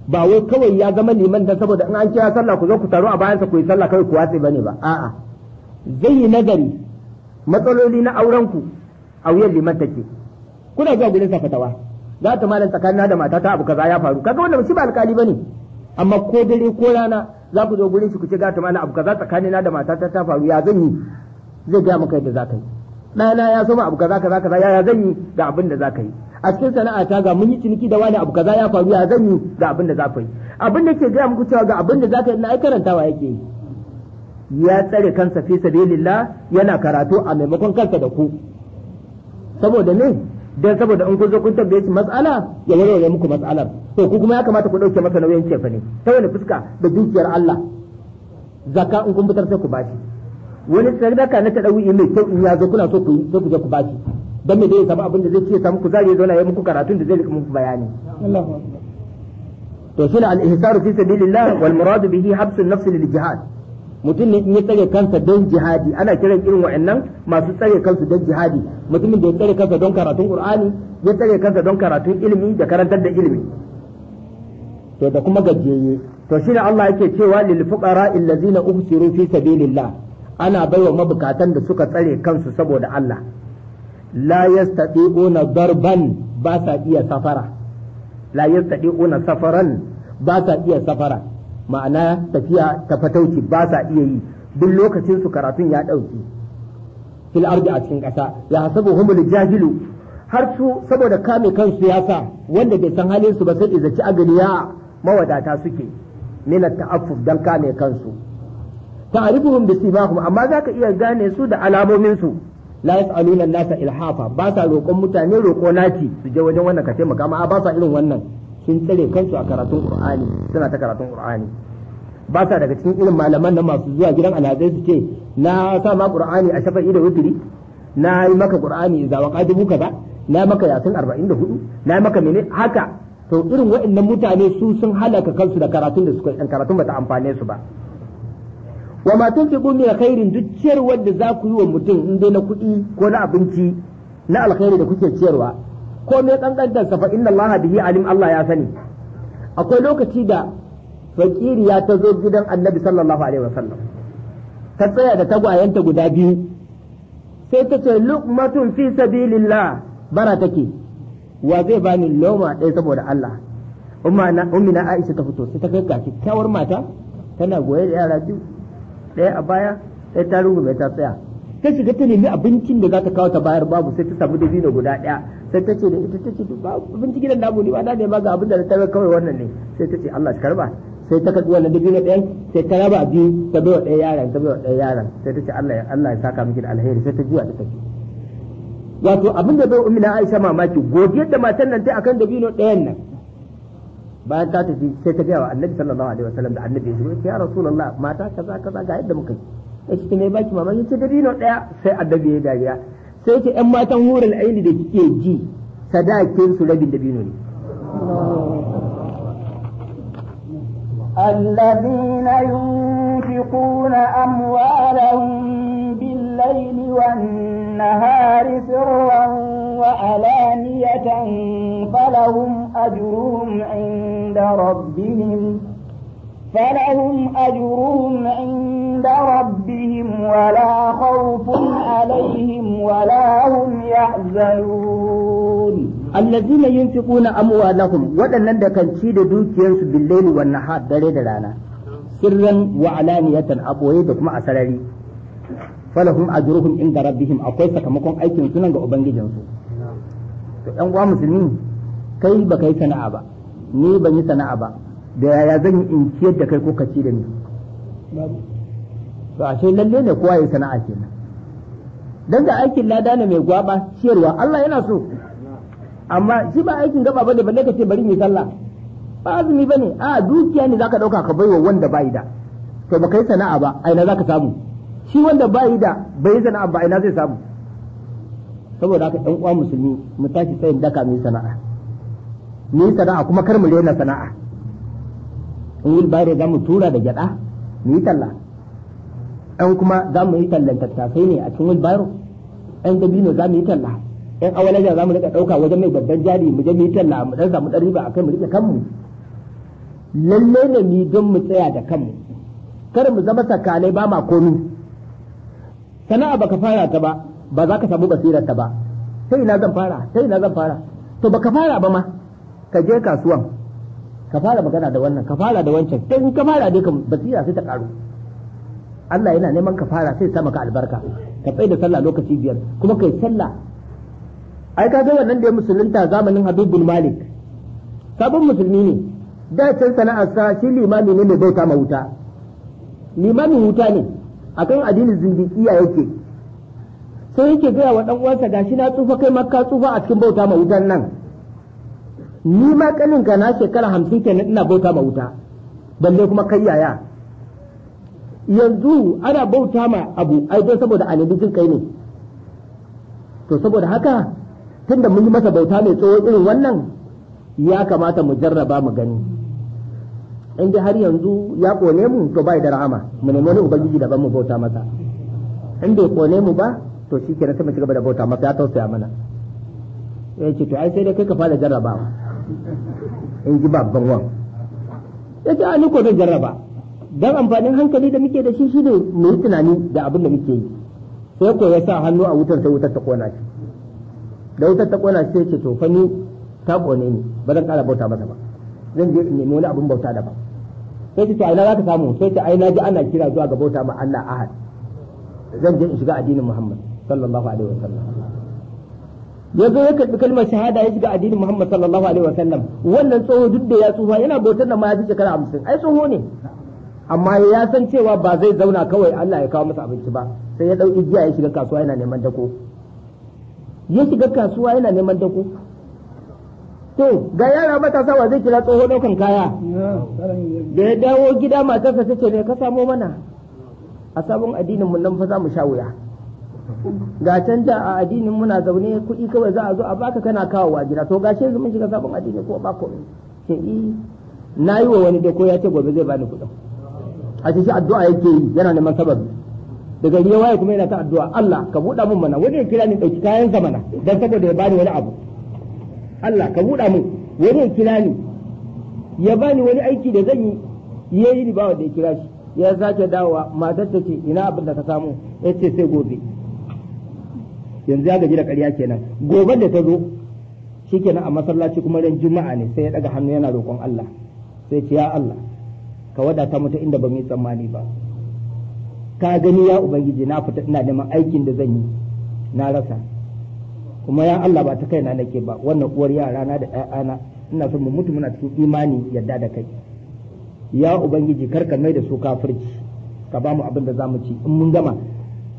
ba wai kawai ya zama liman dan saboda in an kira sallah ku zo ku taru a bayansa ku yi sallah kawai ku watse bane ba a'a zai yi nagari matsaloli na auren ku a wuyan liman take kuna zuwa gurin sa fatawa za ta malam tsakanin da matata abu kaza ya faru kaga wannan shi ba alkali bane amma ko dare ko rana za ku zo gurin shi ku ce ga ta malam abu kaza tsakanin da matata ta faru ya zan yi zai ga maka yadda za ka yi ɗana ya so ma abu kaza kaza kaza ya zan yi da abin da za ka yi a cikin sana'a ta ga mun yi ciniki da wani abu kaza ya faru ya zan yi ga abin da za ka yi abin da ke gaya muku cewa ga abin da za ka yi na karantawa yake yi ya tsare kansa fi sabilillah yana karatu a maimakon kansa da ku saboda ne dan saboda in kun zo kun tambaye shi mas'ala ya warware muku matsalar. to ku kuma ya kamata ku dauke masa nauyin cefa ne ta wani fuska da dukiyar Allah zakka in kun fitar sai ku bashi wani sadaka na tadawi mai kyau in ya zo kuna so ku so ku je ku bashi dan me zai samu abin da zai ce samu kuzari ya zauna ya muku karatun da zai rika muku bayani to shine al-ihsaru fi sabilillah wal murad bihi habsu an-nafs lil jihad mutum ne in ya tsare kansa don jihadi ana kiran irin wa'annan masu tsare kansu don jihadi mutumin da ya tsare kansa don karatun qur'ani ya tsare kansa don karatun ilimi da karantar da ilimi to da kuma gajiyayye to shine Allah yake cewa lil fuqara allazina uhsiru fi sabilillah ana baiwa mabukatan da suka tsare kansu saboda Allah la yastati'una darban ba sa iya safara la yastati'una safaran ba sa iya safara ma'ana tafiya ta fatauci ba sa iya yi duk lokacin su karatun ya dauki fil ardi a cikin kasa ya hasabu humul jahilu har su saboda kame kansu ya sa wanda bai san halin su ba sai izaci agaliya mawadata suke min ta'affuf dan kame kansu ta'rifuhum bisimahum amma zaka iya gane su da alamomin su la yas'aluna an-nasa ilhafa ba sa roƙon mutane roƙo naci su je wajen wannan ka makama ma ba sa irin wannan sun tsare kansu a karatun qur'ani suna ta karatun qur'ani ba sa daga cikin irin malaman nan masu zuwa gidan alhazai su ce na sa ma qur'ani a shafar da wutiri na yi maka qur'ani za wa dubu kaza na maka yasin 44 na maka mene haka to irin waɗannan mutane su sun halaka kansu da karatun da suka karatun bata amfane su ba wa ma tunfiqu min khairin duk ciyarwar da za ku yi wa mutum in dai na kuɗi ko na abinci na alkhairi da kuke ciyarwa ko me kankantar sa fa inna Allah bihi alim Allah ya sani akwai lokaci da fakiri ya ta zo gidan Annabi sallallahu alaihi wasallam ta tsaya da tagwayenta guda biyu sai ta ce luqmatun fi sabilillah bara take wa zai bani loma ɗaya saboda Allah umma na ummi na Aisha ta fito sai ta kai kyawar mata tana goye da yara biyu ɗaya a baya ɗaya ta mai ta tsaya kai shiga ta nemi abincin da za ta kawo ta bayar babu sai ta samu da dabino guda ɗaya sai ta ce da ita ta ce abincin gidan namu ni ba na nema ga abin da ta bai kawai wannan ne sai ta ce Allah shi karba sai ta karbi wannan na ɗayan sai ta raba biyu ta bai wa ɗaya yaron ta bai wa ɗaya yaron sai ta ce Allah Allah ya saka miki da alheri sai ta juya ta tafi wato abin da bai ummi na Aisha mamaki godiyar da matan nan ta akan dabino ɗayan nan bayan ta tafi sai ta gaya wa annabi sallallahu alaihi wasallam da annabi ya ce ya rasulullah mata kaza kaza ga yadda muka yi yace ta mai baki mamaki yace dabino daya sai annabi ya dariya sai yace yan matan hurul aini da kike ji sadakin su rabin dabino ne الذين ينفقون أموالهم بالليل والنهار سرا وعلانية فلهم أجرهم عند ربهم فلهم أجرهم عند ربهم ولا خوف عليهم ولا هم يحزنون الذين ينفقون أموالهم ودنن دكان شيد دوكيانس بالليل والنهار دريد لنا سرا وعلانية أبوي دكما أسراري falahum ajruhum inda rabbihim akwai sakamakon aikin sunan ga ubangijinsu to ƴan uwa musulmi kai ba kai sana'a ba ni ban yi sana'a ba da yaya zan yi in ciyar da kai ko ka ci da ni to ashe lalle ne kowa ya sana'a kenan dan da aikin lada ne mai gwaba ciyarwa Allah yana so amma shi ba aikin gaba bane balle ka ce bari mu sallah ba azumi bane a dukiya ne zaka dauka ka baiwa wanda bai da to ba kai sana'a ba aina zaka samu shi wanda bai da bai sana'a ba aina zai samu saboda haka ɗan uwa musulmi mu tashi tsayin daka mai sana'a Ni sana'a kuma kar mu rena sana'a in yi bare za mu tura da gyada mu yi talla ɗan kuma za mu yi tallan tattasai ne a cikin wilbaro ɗan dabino za mu yi talla ɗan awalaja za mu rika ɗauka wajen mai babban jari mu je mu yi talla mu ɗan samu ɗari riba a kai mu rika kanmu lalle ne mu don mu tsaya da kanmu kar mu zama sakalai ba ma komi sana'a baka fara ta ba ba za ka samu basirar ta ba sai ina zan fara sai ina zan fara to baka fara ba ma ka je kasuwan ka fara magana da wannan ka fara da wancan in ka fara dai kan basira sai ta karu Allah yana neman ka fara sai sa maka albarka ka tsaye da sallah lokaci biyar kuma kai sallah ai ka ga wannan da ta zamanin Habibul Malik sabon musulmi ne da can sa shi limami ne mai bauta ma wuta limamin wuta ne akan addinin zindiqiya yake sai yake gaya wa dan uwansa gashi na tsufa kai makka tsufa a cikin bauta ma wutan nan ni ma kanin ka na shekara hamsin kenan ina bauta ma wuta balle kuma kai yaya yanzu ana bauta ma abu ai don saboda anabijin kai ne to saboda haka tunda mun yi masa bauta mai tsawo irin wannan ya kamata mu jarraba mu gani in dai har yanzu ya kone mu to bai da rahama mu nemi wani ubangiji daban mu bauta masa in bai kone mu ba to shi kenan sai mu ci gaba da bauta masa ya tausaya mana ya ce to ai sai dai kai ka fara jarrabawa in ji babban wan ya ce ani ko zan jarraba don amfanin hankali da muke da shi shine mu yi tunani da abin da muke yi sai ko ya sa hannu a wutar sai wutar ta kona shi da wutar ta kona shi sai ce to fa ni ta kone ni ba zan kara bauta masa ba zan je in nemi wani abin bauta da ba sai ta ce aina za ka samu sai ta aina ji ana kira zuwa ga bauta ma Allah ahad zan je in shiga addinin Muhammad sallallahu alaihi wasallam ya zo ya karɓi kalmar shahada ya shiga addinin Muhammad sallallahu alaihi wasallam wannan tsoho duk da ya tsufa yana bautar da mayafi shekara hamsin ai tsoho ne amma ya san cewa ba zai zauna kawai Allah ya kawo masa abinci ba sai ya dau igiya ya shiga kasuwa yana neman dako ya shiga kasuwa yana neman dako to ga yara matasa wa zai kira tsoho daukan kaya da ya dawo gida matarsa ta ce ne ka samo mana a sabon addinin mu nan fa za mu sha wuya ga can da a addinin muna zaune kuɗi kawai za a zo a baka kana wa gida to ga shi mun shiga sabon addini ko ba komai ce i eh, na yi wa wani da ko ya ce gobe zai bani kuɗin a ce shi addu'a yake yi yana neman sababi daga riya waye kuma yana ta addu'a Allah ka buɗa mun mana wani kira ni ɗauki kayan zamana mana dan saboda ya bani wani abu Allah ka buɗa mun wani kira ni ya bani wani aiki da zan yi yayi riba wanda ya kira shi ya sake dawowa matar ta ce ina abin da ka samu yace sai gobe yanzu ya gaji da ƙarya kenan gobe da ta zo shi kenan a masallaci kuma ran juma'a ne sai ya daga hannu yana roƙon Allah sai ce ya Allah ka wadata mu ta inda ba mu yi tsammani ba ka gani ya ubangiji na fita ina neman aikin da zan yi na rasa kuma ya Allah ba ta kaina nake ba wannan uwar yara na da na ina son mu mutu muna cikin imani yadda da kai ya ubangiji karka mai da su kafirci ka ba mu abin da za mu ci in mun gama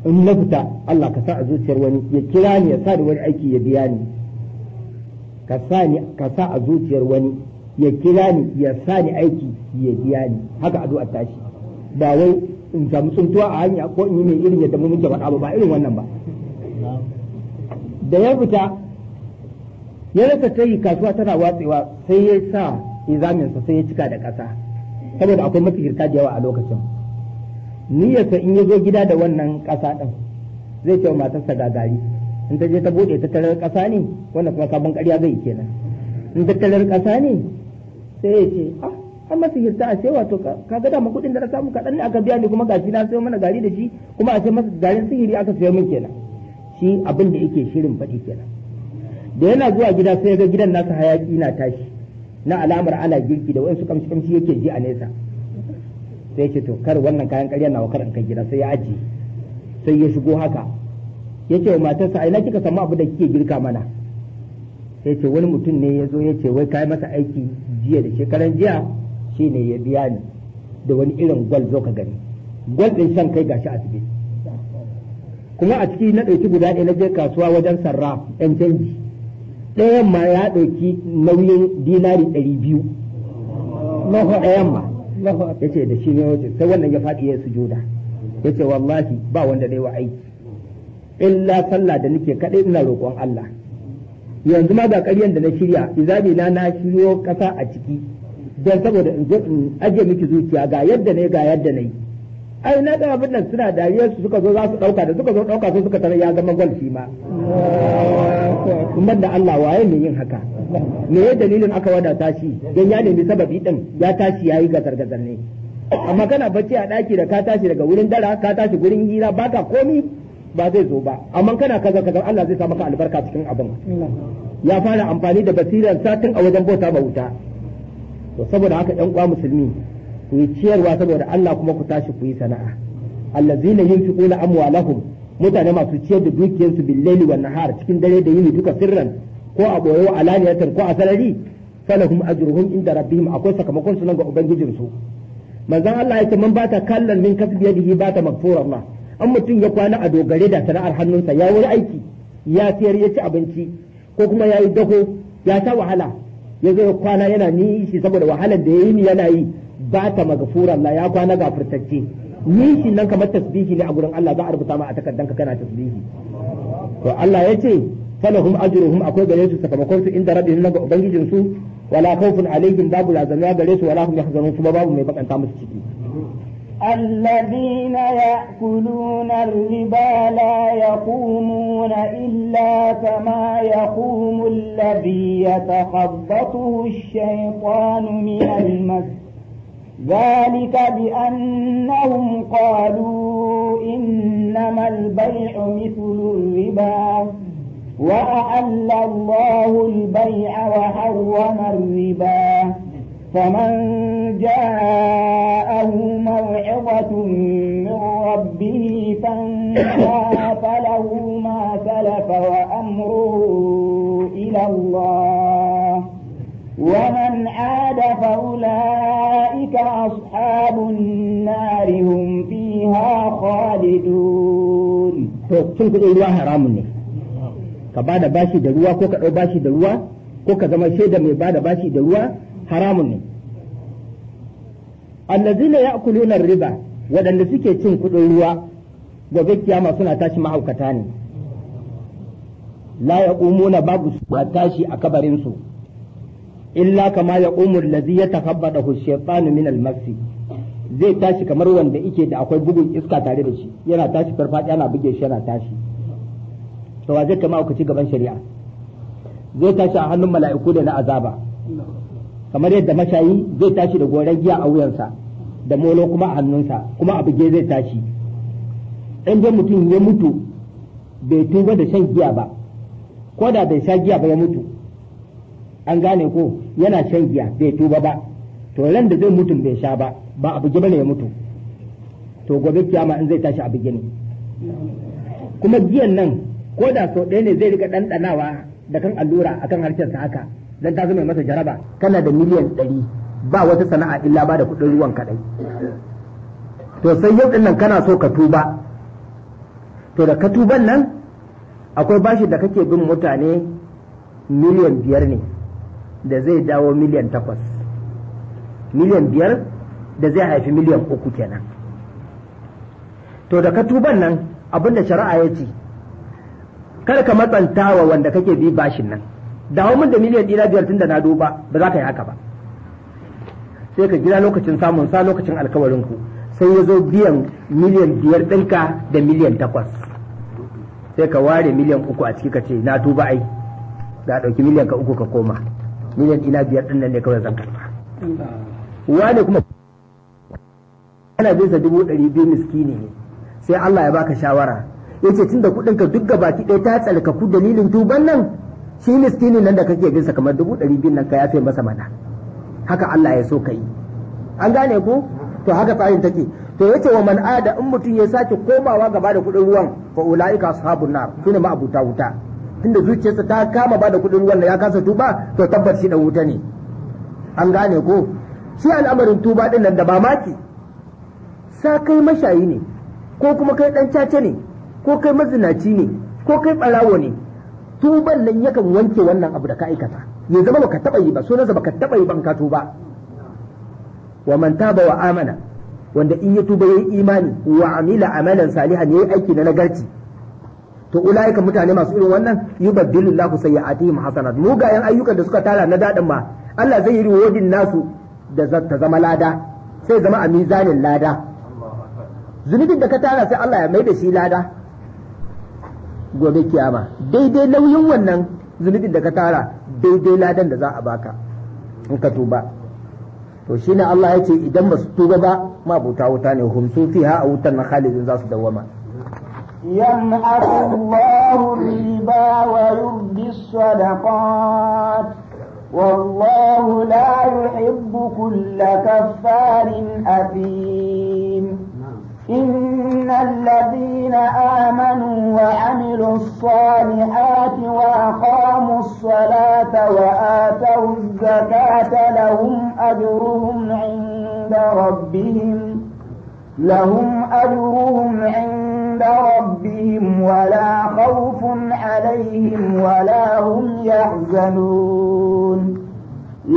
in na fita Allah ka sa a zuciyar wani ya kira ni ya sa da wani aiki ya biya ni ka sa a zuciyar wani ya kira ni ya sa ni aiki ya biya ni haka addu'a tashi ba wai in samu tsuntuwa a hanya ko in yi mai irin yadda muke faɗa ba ba irin wannan ba da ya fita ya rasa tayi kasuwa tana watsewa sai ya sa izaminsa sai ya cika da ƙasa saboda akwai mafi da yawa a lokacin niyyarsa in ya zo gida da wannan ƙasa ɗin zai ce wa matarsa gari. in ta je ta buɗe tarar ƙasa ne wanda kuma sabon ƙarya zai kenan in tarar ƙasa ne sai ya ce ah an masa hirta a ce wato ka ga dama kuɗin da na samu kaɗan ne aka biya ni kuma gashi na sayo mana gari da shi kuma a ce masa garin sihiri aka sayo min kenan shi abin da yake shirin faɗi kenan da yana zuwa gida sai ga gidan nasa hayaƙi na tashi na alamar ana girki da wasu kamshi kamshi yake ji a nesa sai ce to kar wannan kayan ƙarya na wakar in kai gida sai ya aji sai ya shigo haka ya ce wa matarsa ai na kika samu abu da kike girka mana sai ce wani mutum ne ya zo ya ce wai kai masa aiki jiya da shekaran jiya shine ya biya ni da wani irin gwal zo ka gani gwal din shan kai gashi asibiti kuma a ciki na ɗauki guda ɗaya na je kasuwa wajen sarraf ɗan canji ɗayan ma ya ɗauki nauyin dinari ɗari biyu na ɗayan ma ya ce da shi ne wajen sai wannan ya faɗi ya sujuda ya ce wallahi ba wanda dai wa aiki illa sallah da nake kaɗai ina roƙon Allah yanzu ma ga ƙaryan da na shirya izabi na na shiryo ƙasa a ciki don saboda in zo in ajiye miki zuciya ga yadda ne ga yadda na yi ai na ga abin nan suna dariyar su suka zo za su dauka da suka zo dauka su suka tarar ya zama gwal shi ma kuma da Allah waye ne yin haka me ya dalilin aka ta shi dan ya nemi sababi din ya tashi yayi gazar gazar ne amma kana bacci a daki da ka tashi daga wurin dara ka tashi gurin hira baka komi ba zai zo ba amma kana kaza kaza Allah zai sa maka albarka cikin abin ya fara amfani da basirar satin a wajen bauta ba wuta to saboda haka yan uwa musulmi ku yi ciyarwa saboda Allah kuma ku tashi ku yi sana'a allazina yunfiquna amwalahum mutane masu ciyar da dukiyarsu billaili wan nahar cikin dare da yini duka sirran ko a boye wa alaniyatan ko a sarari falahum ajruhum inda rabbihim akwai sakamakon su nan ga ubangijin su manzon Allah ya yake man bata kallan min kasbi yadihi bata maghfura Allah an mutum ya kwana a dogare da sana'ar hannunsa ya wuri aiki ya siyar ya ci abinci ko kuma ya yi dako ya ta wahala ya zo kwana yana nishi saboda wahalar da ya yi yana yi ba ta magafuran la ya kwana gafurtacce yin shi nan kamar tasbihi ne a gurin Allah za a rubuta ma a takardanka kana tasbihi to Allah ya ce falahum ajruhum akwai gare su sakamakon su inda rabbihim na ubangijin su wala khawfun alaihim babu lazama gare su wala hum yahzanun kuma babu mai bakanta musu ciki الذين يأكلون الربا لا يقومون إلا كما يقوم الذي يتخبطه الشيطان من المس ذلك بأنهم قالوا إنما البيع مثل الربا وأعل الله البيع وحرم الربا فمن جاءه موعظة من ربه فانتهى فله ما سلف وأمره إلى الله ومن عاد فأولئك أصحاب النار هم فيها خالدون تلك الروا حرام ne ka ba da bashi da ruwa ko ka ɗau bashi da ruwa ko ka zama shaida mai ba da bashi da ruwa haramun ne ya allazina ya'kuluna riba waɗanda suke cin kuɗin ruwa gobe kiyama suna tashi mahaukata ne la yaqumuna babu su tashi a kabarinsu. illa kama ya umur lazi ya takabbada hu shaytanu min al zai tashi kamar wanda ike da akwai bugun iska tare da shi yana tashi farfaɗi ana buge shi yana tashi to wa zai kama ku ci gaban shari'a zai tashi a hannun mala'iku da na azaba kamar yadda mashayi zai tashi da goren giya a wuyansa da molo kuma a hannunsa kuma a buge zai tashi in dai mutum ya mutu bai tuba da shan giya ba ko da bai sha giya ba ya mutu an gane ko yana shan giya bai tuba ba to ran da zai mutum bai sha ba ba abu gaba bane ya mutu to gobe kiyama in zai tashi abu gini kuma giyan nan ko da sau ɗaya ne zai rika ɗanɗanawa da kan allura akan harshen sa haka dan ta zama masa jaraba kana da miliyan ɗari ba wata sana'a illa ba da kuɗin ruwan kaɗai to sai yau ɗin nan kana so ka tuba to da ka tuban nan akwai bashi da kake bin mutane miliyan biyar ne da zai dawo miliyan takwas miliyan biyar da zai haifi miliyan uku kenan to da ka tuban nan abinda shari'a ya ce kar ka matsanta wa wanda kake bi bashin nan dawo min da miliyan ɗina biyar tun da na duba ba za ka yi haka ba sai ka gina lokacin samun sa lokacin alkawarin ku sai ya zo biyan miliyan biyar ɗinka da miliyan takwas sai ka ware miliyan uku a ciki ka ce na tuba ai da ɗauki miliyan ka uku ka koma miliyan ina biyar din nan ne kawai zan karba wani kuma kana bin sa dubu ɗari biyu miskini ne sai Allah ya baka shawara ya ce tunda kuɗin ka duk gabaki ɗaya ta tsalkaku dalilin tuban nan shi miskini nan da kake bin sa kamar dubu ɗari biyu nan ka yafe masa mana haka Allah ya so ka yi an gane ko to haka tsarin take to ya ce wa man da in mutum ya sake komawa gaba da kuɗin ruwan fa ulaika ashabun nar sune ma abuta wuta inda zuciyarsa ta kama ba da kuɗin ruwan da ya kasa tuba to tabbas shi da wuta ne an gane ko shi al'amarin tuba din nan da mamaki sa kai mashayi ne ko kuma kai dan caca ne ko kai mazinaci ne ko kai barawo ne tuban nan yakan wanke wannan abu da ka aikata ya zama baka taba yi ba sunansa baka taba yi ban ka tuba wa man taba wa amana wanda in ya tuba yayi imani wa amila amalan salihan yayi aiki na nagarci to ulaika mutane masu irin wannan yubaddilu Allahu sayyi'atihim hasanat mugayen ayyukan da suka tara na dadin ma Allah zai yi rewardin nasu da ta zama lada sai zama a mizanin lada zunubin da ka tara sai Allah ya mai da shi lada gobe kiyama daidai nauyin wannan zunubin da ka tara daidai ladan da za a baka in ka tuba to shine Allah ya ce idan ba su tuba ba ma wuta ne hum su fiha a wutan khalidin za su dawwama يمحق الله الربا ويربي الصدقات والله لا يحب كل كفار أثيم إن الذين آمنوا وعملوا الصالحات وأقاموا الصلاة وآتوا الزكاة لهم أجرهم عند ربهم لهم أجرهم عند عند ربهم ولا خوف عليهم ولا هم يحزنون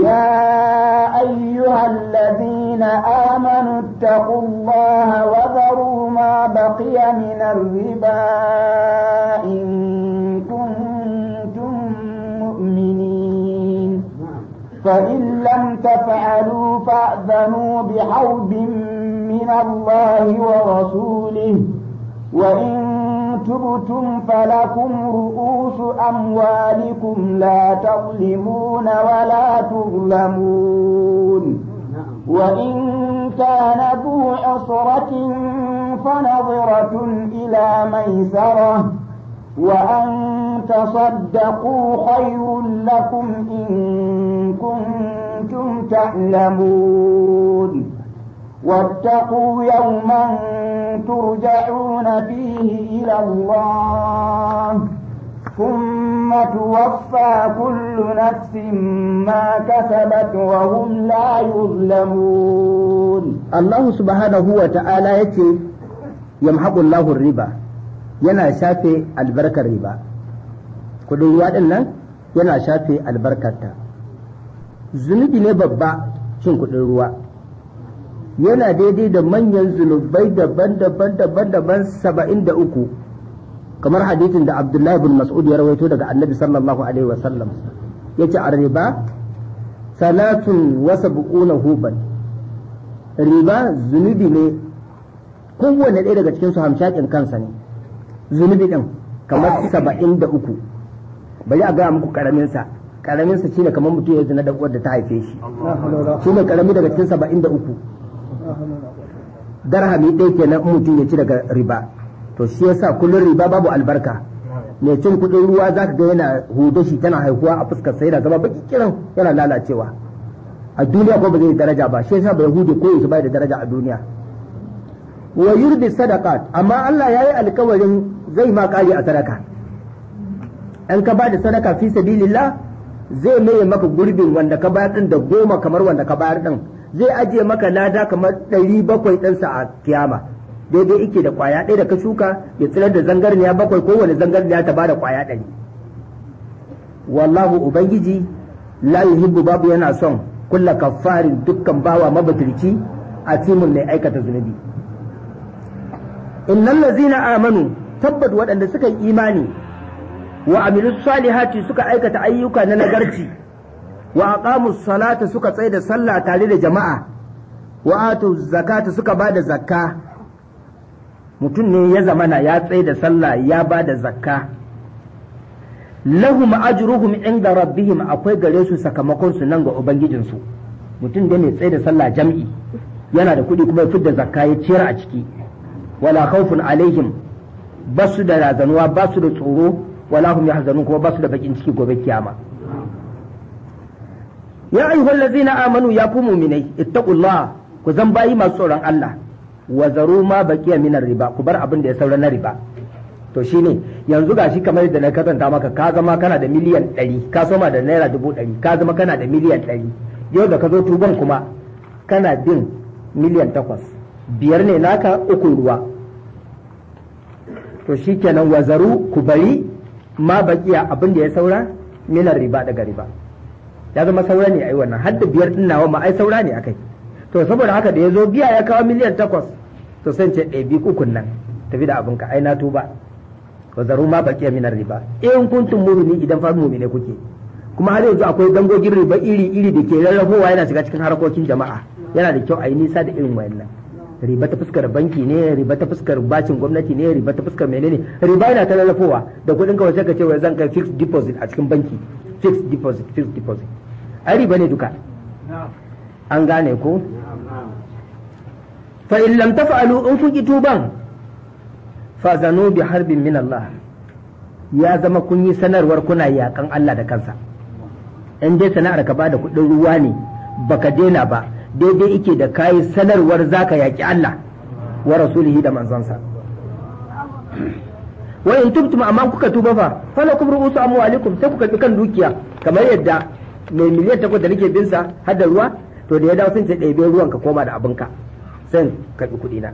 يا أيها الذين آمنوا اتقوا الله وذروا ما بقي من الربا إن كنتم مؤمنين فإن لم تفعلوا فأذنوا بحرب من الله ورسوله وإن تبتم فلكم رؤوس أموالكم لا تظلمون ولا تظلمون وإن كان ذو عسرة فنظرة إلى ميسرة وأن تصدقوا خير لكم إن كنتم تعلمون واتقوا يوما ترجعون فيه إلى الله ثم توفى كل نفس ما كسبت وهم لا يظلمون الله سبحانه وتعالى يتي يمحق الله الربا ينا شافي البركة الربا كل ruwa لنا ينا شافي البركة زنبي نبب ne cin kudin ruwa yana daidai da manyan zunubai daban-daban daban-daban saba'in da uku kamar hadithin da abdullahi bin mas'ud ya rawaito daga annabi sallallahu alaihi wasallam ya ce a riba salatun wasa bu'una huban riba zunubi ne kowane ɗaya daga cikinsu hamshakin kansa ne zunubi ɗin kamar saba'in da uku bari a gaya muku karamin sa shine kamar mutum ya zina da uwar da ta haife shi shine karami daga cikin saba'in da uku darhami ɗaya kenan in mutum ya ci daga riba to shi yasa kullum riba babu albarka mai cin kuɗin ruwa za ka ga yana hudu shi tana haihuwa a fuskar sai da zama baki kiran yana lalacewa a duniya ko ba zai daraja ba shi yasa bai hudu ko yaushe bai da daraja a duniya wa yurdi sadaqat amma Allah ya yi alkawarin zai ma kari a sadaka an ka ba da sadaka fi sabilillah zai maye maka gurbin wanda ka bayar din da goma kamar wanda ka bayar din zai ajiye maka lada kamar ɗari bakwai ɗinsa a kiyama daidai ike da kwaya ɗaya da ka shuka ya tsirar da zangarniya bakwai kowane zangarniya ta da kwaya ɗari wallahu ubangiji la yuhibbu babu yana son kulla kafarin dukkan bawa mabatirci a timin mai aikata zunubi innal lazina amanu tabbat waɗanda suka yi imani wa amilu salihati suka aikata ayyuka na nagarci wa aqamu salata suka tsaida da sallah tare da jama'a wa atu zakata suka ba da zakka mutum ne ya zamana ya tsaida da sallah ya ba da zakka lahum ajruhum inda rabbihim akwai gare su sakamakon su nan ga ubangijinsu mutum da mai tsaye da sallah jam'i yana da kuɗi kuma ya da zakka ya ciyar a ciki wala khawfun alaihim basu da razanuwa basu da tsoro wala hum yahzanun kuma basu da bakin ciki gobe kiyama ya ayyuhal ladzina amanu ya fi mu'minai ita ittaqullah ku zan bayi masu tsoron Allah wa zaru ma baqiya minar riba ku bar abin da ya saura na riba to shine yanzu gashi kamar da na kasanta maka ka zama kana da miliyan 100 ka soma da naira dubu 100 ka zama kana da miliyan ɗari, yau da ka zo tuban kuma kana bin miliyan 8 biyar ne naka uku ruwa to shikenan wa zaru ku bari ma baqiya abin da ya saura minar riba daga riba ya zama saura ne yi wannan har biyar din nawa ma ai saura ne akai to saboda haka da ya zo biya ya kawo miliyan takwas to sai ce ɗabi ukun nan tafi da abinka ai na tuba ko zaru ma baqiya minar riba in kuntun mu'mini idan fa mu'mine kuke kuma har yanzu akwai dangogin riba iri iri da ke rarrafowa yana shiga cikin harkokin jama'a yana da kyau a yi nisa da irin wayannan riba ta fuskar banki ne riba ta fuskar bacin gwamnati ne riba ta fuskar menene riba yana ta lallafowa, da kuɗin ka wace ka ce wai zan kai fixed deposit a cikin banki fixed deposit fixed deposit a riba ne duka an gane ko fa in lam taf'alu in kun ki tuban fa zanu bi harbin min Allah ya zama kun yi sanarwar kuna yakan Allah da kansa in dai sana'ar ka bada kuɗin ruwa ne baka daina ba daidai ike da kayi sanarwar zaka yaki Allah wa rasulihi da manzansa wa in tubtum amma kuka tuba fa falakum ru'usu amwalikum sai kuka kan dukiya kamar yadda mai miliyan takwas da nake bin sa har da ruwa to da ya dawo sun ce ɗebe ruwan ka koma da abinka sai ka bi kuɗi na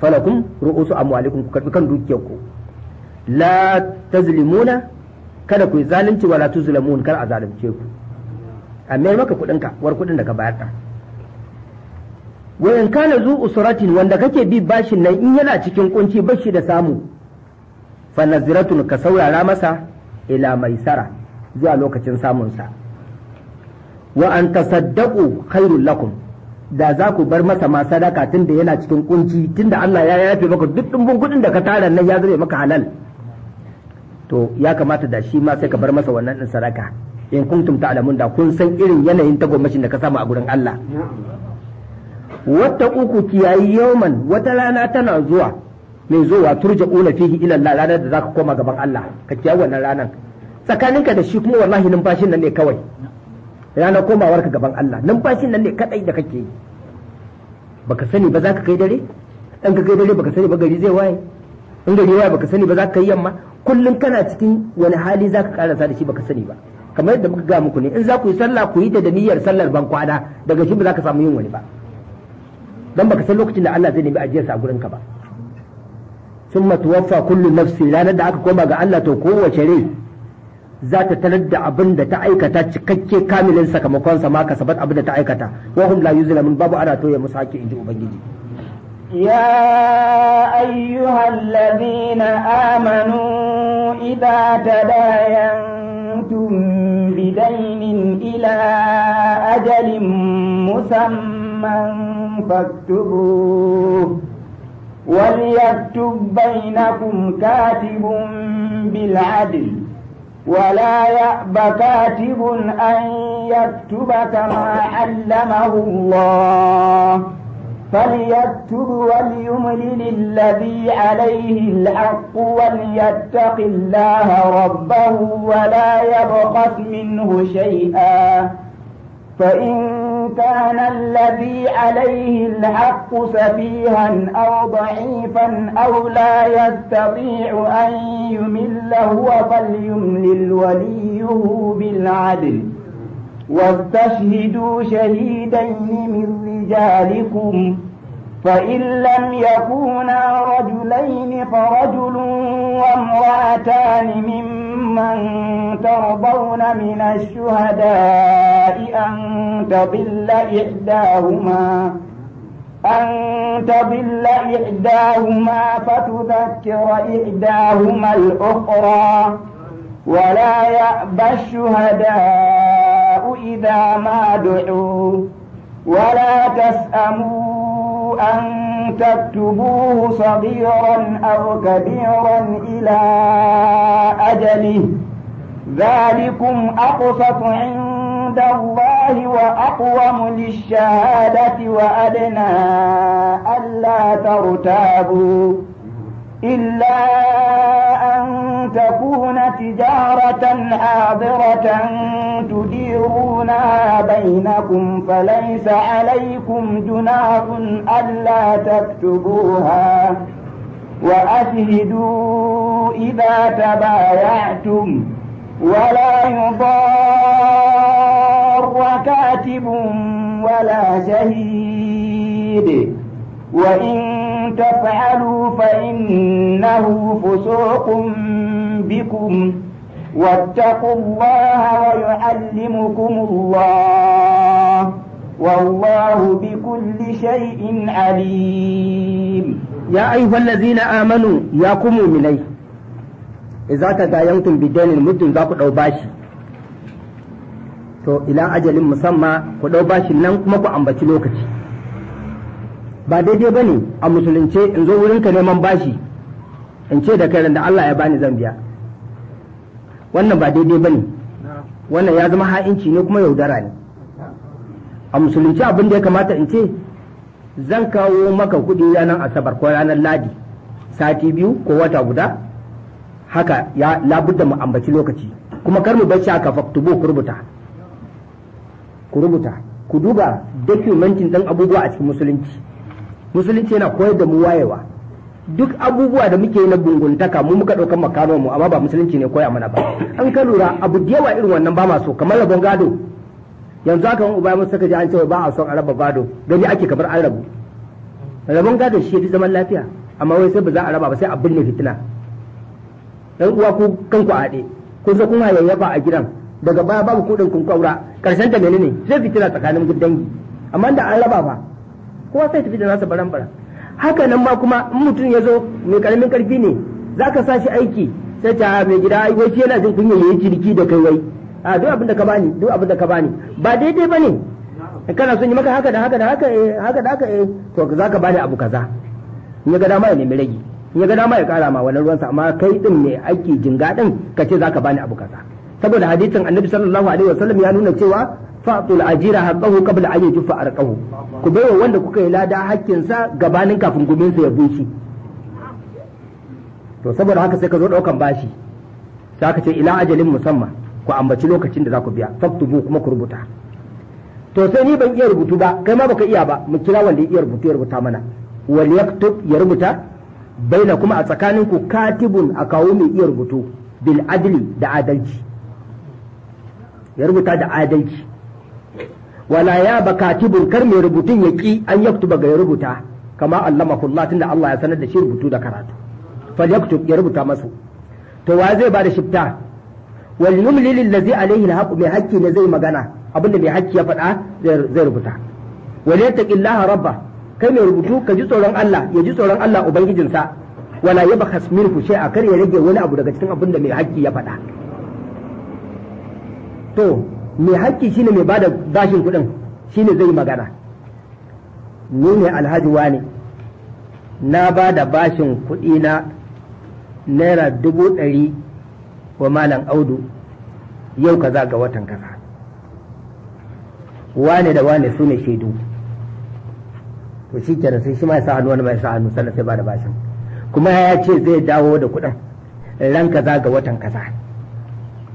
falakum ru'usu amwalikum ku karbi kan dukiyar ku la tazlimuna kada ku zalunci wala tuzlamun kar a zalunce ku a mai maka kuɗin ka war kuɗin da ka bayar ta wa in kana zu usratin wanda kake bi bashin nan in yana cikin kunci bashi da samu Fanaziratun ka saurara masa ila mai sara zuwa lokacin samunsa wa an tasaddaqu khairul lakum da za ku bar masa ma sadaka tunda yana cikin kunci tunda Allah ya yafe maka duk dimbin kudin da ka tara nan ya zame maka halal to ya kamata da shi ma sai ka bar masa wannan din sadaka in kuntum ta'lamun da kun san irin yanayin tagomashin da ka samu a gurin Allah wata uku kiyayi yawman wata rana tana zuwa mai zowa turja'una fihi ila Allah ranar da zaka koma gaban Allah ka kiyaye wannan ranar tsakaninka da shi kuma wallahi numfashin nan ne kawai ranar komawar ka gaban Allah numfashin nan ne kadai da kake yi baka sani ba zaka kai dare dan ka kai dare baka sani ba gari zai waye in gari waye baka sani ba zaka kai yamma kullun kana cikin wani hali zaka karasa da shi baka sani ba kamar yadda muka ga muku ne in za ku yi sallah ku yi ta da niyyar sallar ban kwana daga shi ba za ka samu yin wani ba dan baka san lokacin da Allah zai nemi ajiyarsa a gurinka ba thumma tuwaffa kullum nafsin ranar da aka koma ga Allah to kowace rai za ta tarar da abin da ta aikata cikakke kamilin sakamakon sa ma kasabat abin da ta aikata wa hum la yuzlamun babu ana toye musu haƙƙi inji ubangiji ya أيها الذين آمنوا إذا dainin ila ajalin musamman مسمى وليكتب بينكم كاتب بالعدل ولا يأب كاتب أن يكتب كما علمه الله فليكتب وليملل الذي عليه الحق وليتق الله ربه ولا يبخس منه شيئا فإن كان الذي عليه الحق سفيها أو ضعيفا أو لا يستطيع أن يمل هو فليملل وليه بالعدل واستشهدوا شهيدين من رجالكم فإن لم يكونا رجلين فرجل وامرأتان ممن من ترضون من الشهداء أن تضل إحداهما أن تضل إحداهما فتذكر إحداهما الأخرى ولا يأبى الشهداء إذا ما دعوا ولا تسأموا أن تكتبوه صغيرا أو كبيرا إلى أجله ذلكم أقسط عند الله وأقوم للشهادة وأدنى ألا ترتابوا إلا أن تكون تجارة حاضرة تديرونها بينكم فليس عليكم جناح ألا تكتبوها وأشهدوا إذا تبايعتم ولا يضار كاتب ولا شهيد وإن تفعلوا فإنه فسوق بكم واتقوا الله ويعلمكم الله والله بكل شيء عليم يا أيها الذين آمنوا يا كم مني إذا تداينتم بدين مدن ذاكو الأوباشي to ila ajalin musamma ku ɗau bashin nan kuma ku ambaci lokaci ba daidai ba ne a musulunce in zo wurin ka neman bashi in ce da kai da Allah ya bani zan biya wannan ba daidai ba ne wannan ya zama ha'inci ne kuma yaudara ne a musulunce abin da ya kamata in ce zan kawo maka kuɗi ranar asabar ko ranar ladi sati biyu ko wata guda haka ya labudda mu ambaci lokaci kuma kar mu bacci haka faktubo ku rubuta ku rubuta ku duba dokumentin dan abubuwa a cikin musulunci musulunci yana koyar da mu wayewa duk abubuwa da muke yi na bunguntaka mu muka ɗaukar makamar mu amma ba musulunci ne koya mana ba an ka lura abu da yawa irin wannan ba ma so kamar rabon gado yanzu haka uba ya saka ji an cewa ba a son a raba gado gani ake kamar an rabu rabon gado shi yafi zaman lafiya amma wai sai ba za a raba ba sai a binne fitina dan uwa ku kanku a haɗe kun zo kun hayayyafa a gidan daga baya babu kuɗin kun karshen ta ne sai fitina tsakanin dangi amma da an raba ba kowa sai tafi da nasa baran baran haka nan ma kuma in mutum ya zo mai karamin karfi ne za ka sa shi aiki sai ta ah, mai gida wai shi yana jin kunya yayi jirgi da kai wai a ah, duk abin da ka bani duk abin da ka bani ba daidai bane kana son yi maka haka da haka da haka eh haka da haka eh to za ka bani abu kaza in ya ga dama ya nemi ragi. in ya ga dama ya kara ma wannan ruwansa amma kai din ne aiki jinga din ka ce za ka bani abu kaza saboda hadisin annabi sallallahu alaihi wasallam ya nuna cewa fa'tul ajira haqqahu qabla an yajfa arqahu ku baiwa wanda kuka yi lada hakkin sa gabanin kafin gumin sa ya bushe to saboda haka sai ka zo daukan bashi sai ka ce ila ajalin musamman ku ambaci lokacin da za ku biya faktubu kuma ku rubuta to sai ni ban iya rubutu ba kai ma baka iya ba mu kira wanda ya iya rubutu ya rubuta mana wal yaktub ya rubuta baina kuma a tsakanin ku katibun a kawo mai iya rubutu bil adli da adalci ya rubuta da adalci wala ya ba katibun kar mai rubutun ya ki an yaktuba ga ya rubuta kama allamahu Allah da Allah ya sanar da shi rubutu da karatu fal yaktub ya rubuta masu to wa zai ba da shifta wal yumli lillazi alaihi alhaq mai hakki ne zai magana abinda mai hakki ya faɗa zai rubuta wal yattaqillaha rabba kai mai rubutu ka ji tsoron Allah ya ji tsoron Allah ubangijinsa wala yabkhas minhu shay'a kar ya rage wani abu daga cikin abinda mai hakki ya faɗa to mai haƙƙi shine mai bada bashin kuɗin shine zai magana ni ne alhaji wani na ba da bashin kuɗi na naira dubu ɗari wa malam audu yau kaza ga watan kaza wane da wane su ne shaidu to shi kenan sai shi ma ya sa hannu wani ma ya sa hannu sannan sai ba da bashin kuma ya ce zai dawo da kuɗin ran kaza ga watan kaza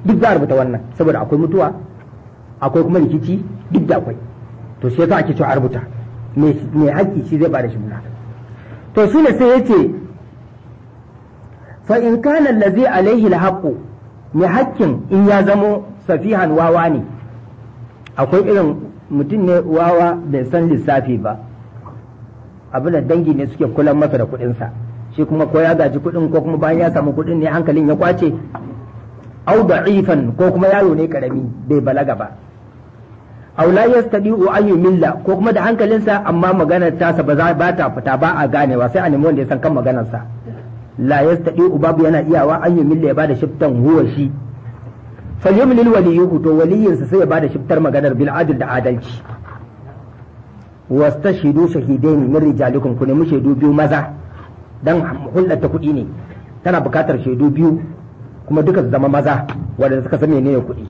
duk za a rubuta wannan saboda akwai mutuwa akwai kuma rikici duk da akwai to sai yasa ake cewa a rubuta mai haƙƙi shi zai bada shi muna to shi ne sai yace fa in kana allazi alaihi alhaqu me haƙƙin in ya zamo safihan wawa ne akwai irin mutum ne wawa bai san lissafi ba abin da dangi ne suke kula masa da kuɗinsa shi kuma ko ya gaji kuɗin ko kuma bayan ya samu kuɗin ne hankalin ya kwace au da'ifan ko kuma yaro ne karami bai balaga ba aw la yastadi'u an milla ko kuma da hankalinsa amma maganar tasa ba za ba ta fita ba a gane ganewa sai a nemi wanda ya san kan maganar sa la yastadi'u babu yana iyawa an milla ya bada shiftan huwa shi falyumlil waliyuhu to waliyinsa sai ya bada shiftar maganar bil adl da adalci wastashidu shahidaini min rijalikum ku mu shaidu biyu maza dan hulɗar ta kuɗi ne tana buƙatar shaidu biyu kuma duka su zama maza waɗanda suka san menene kuɗi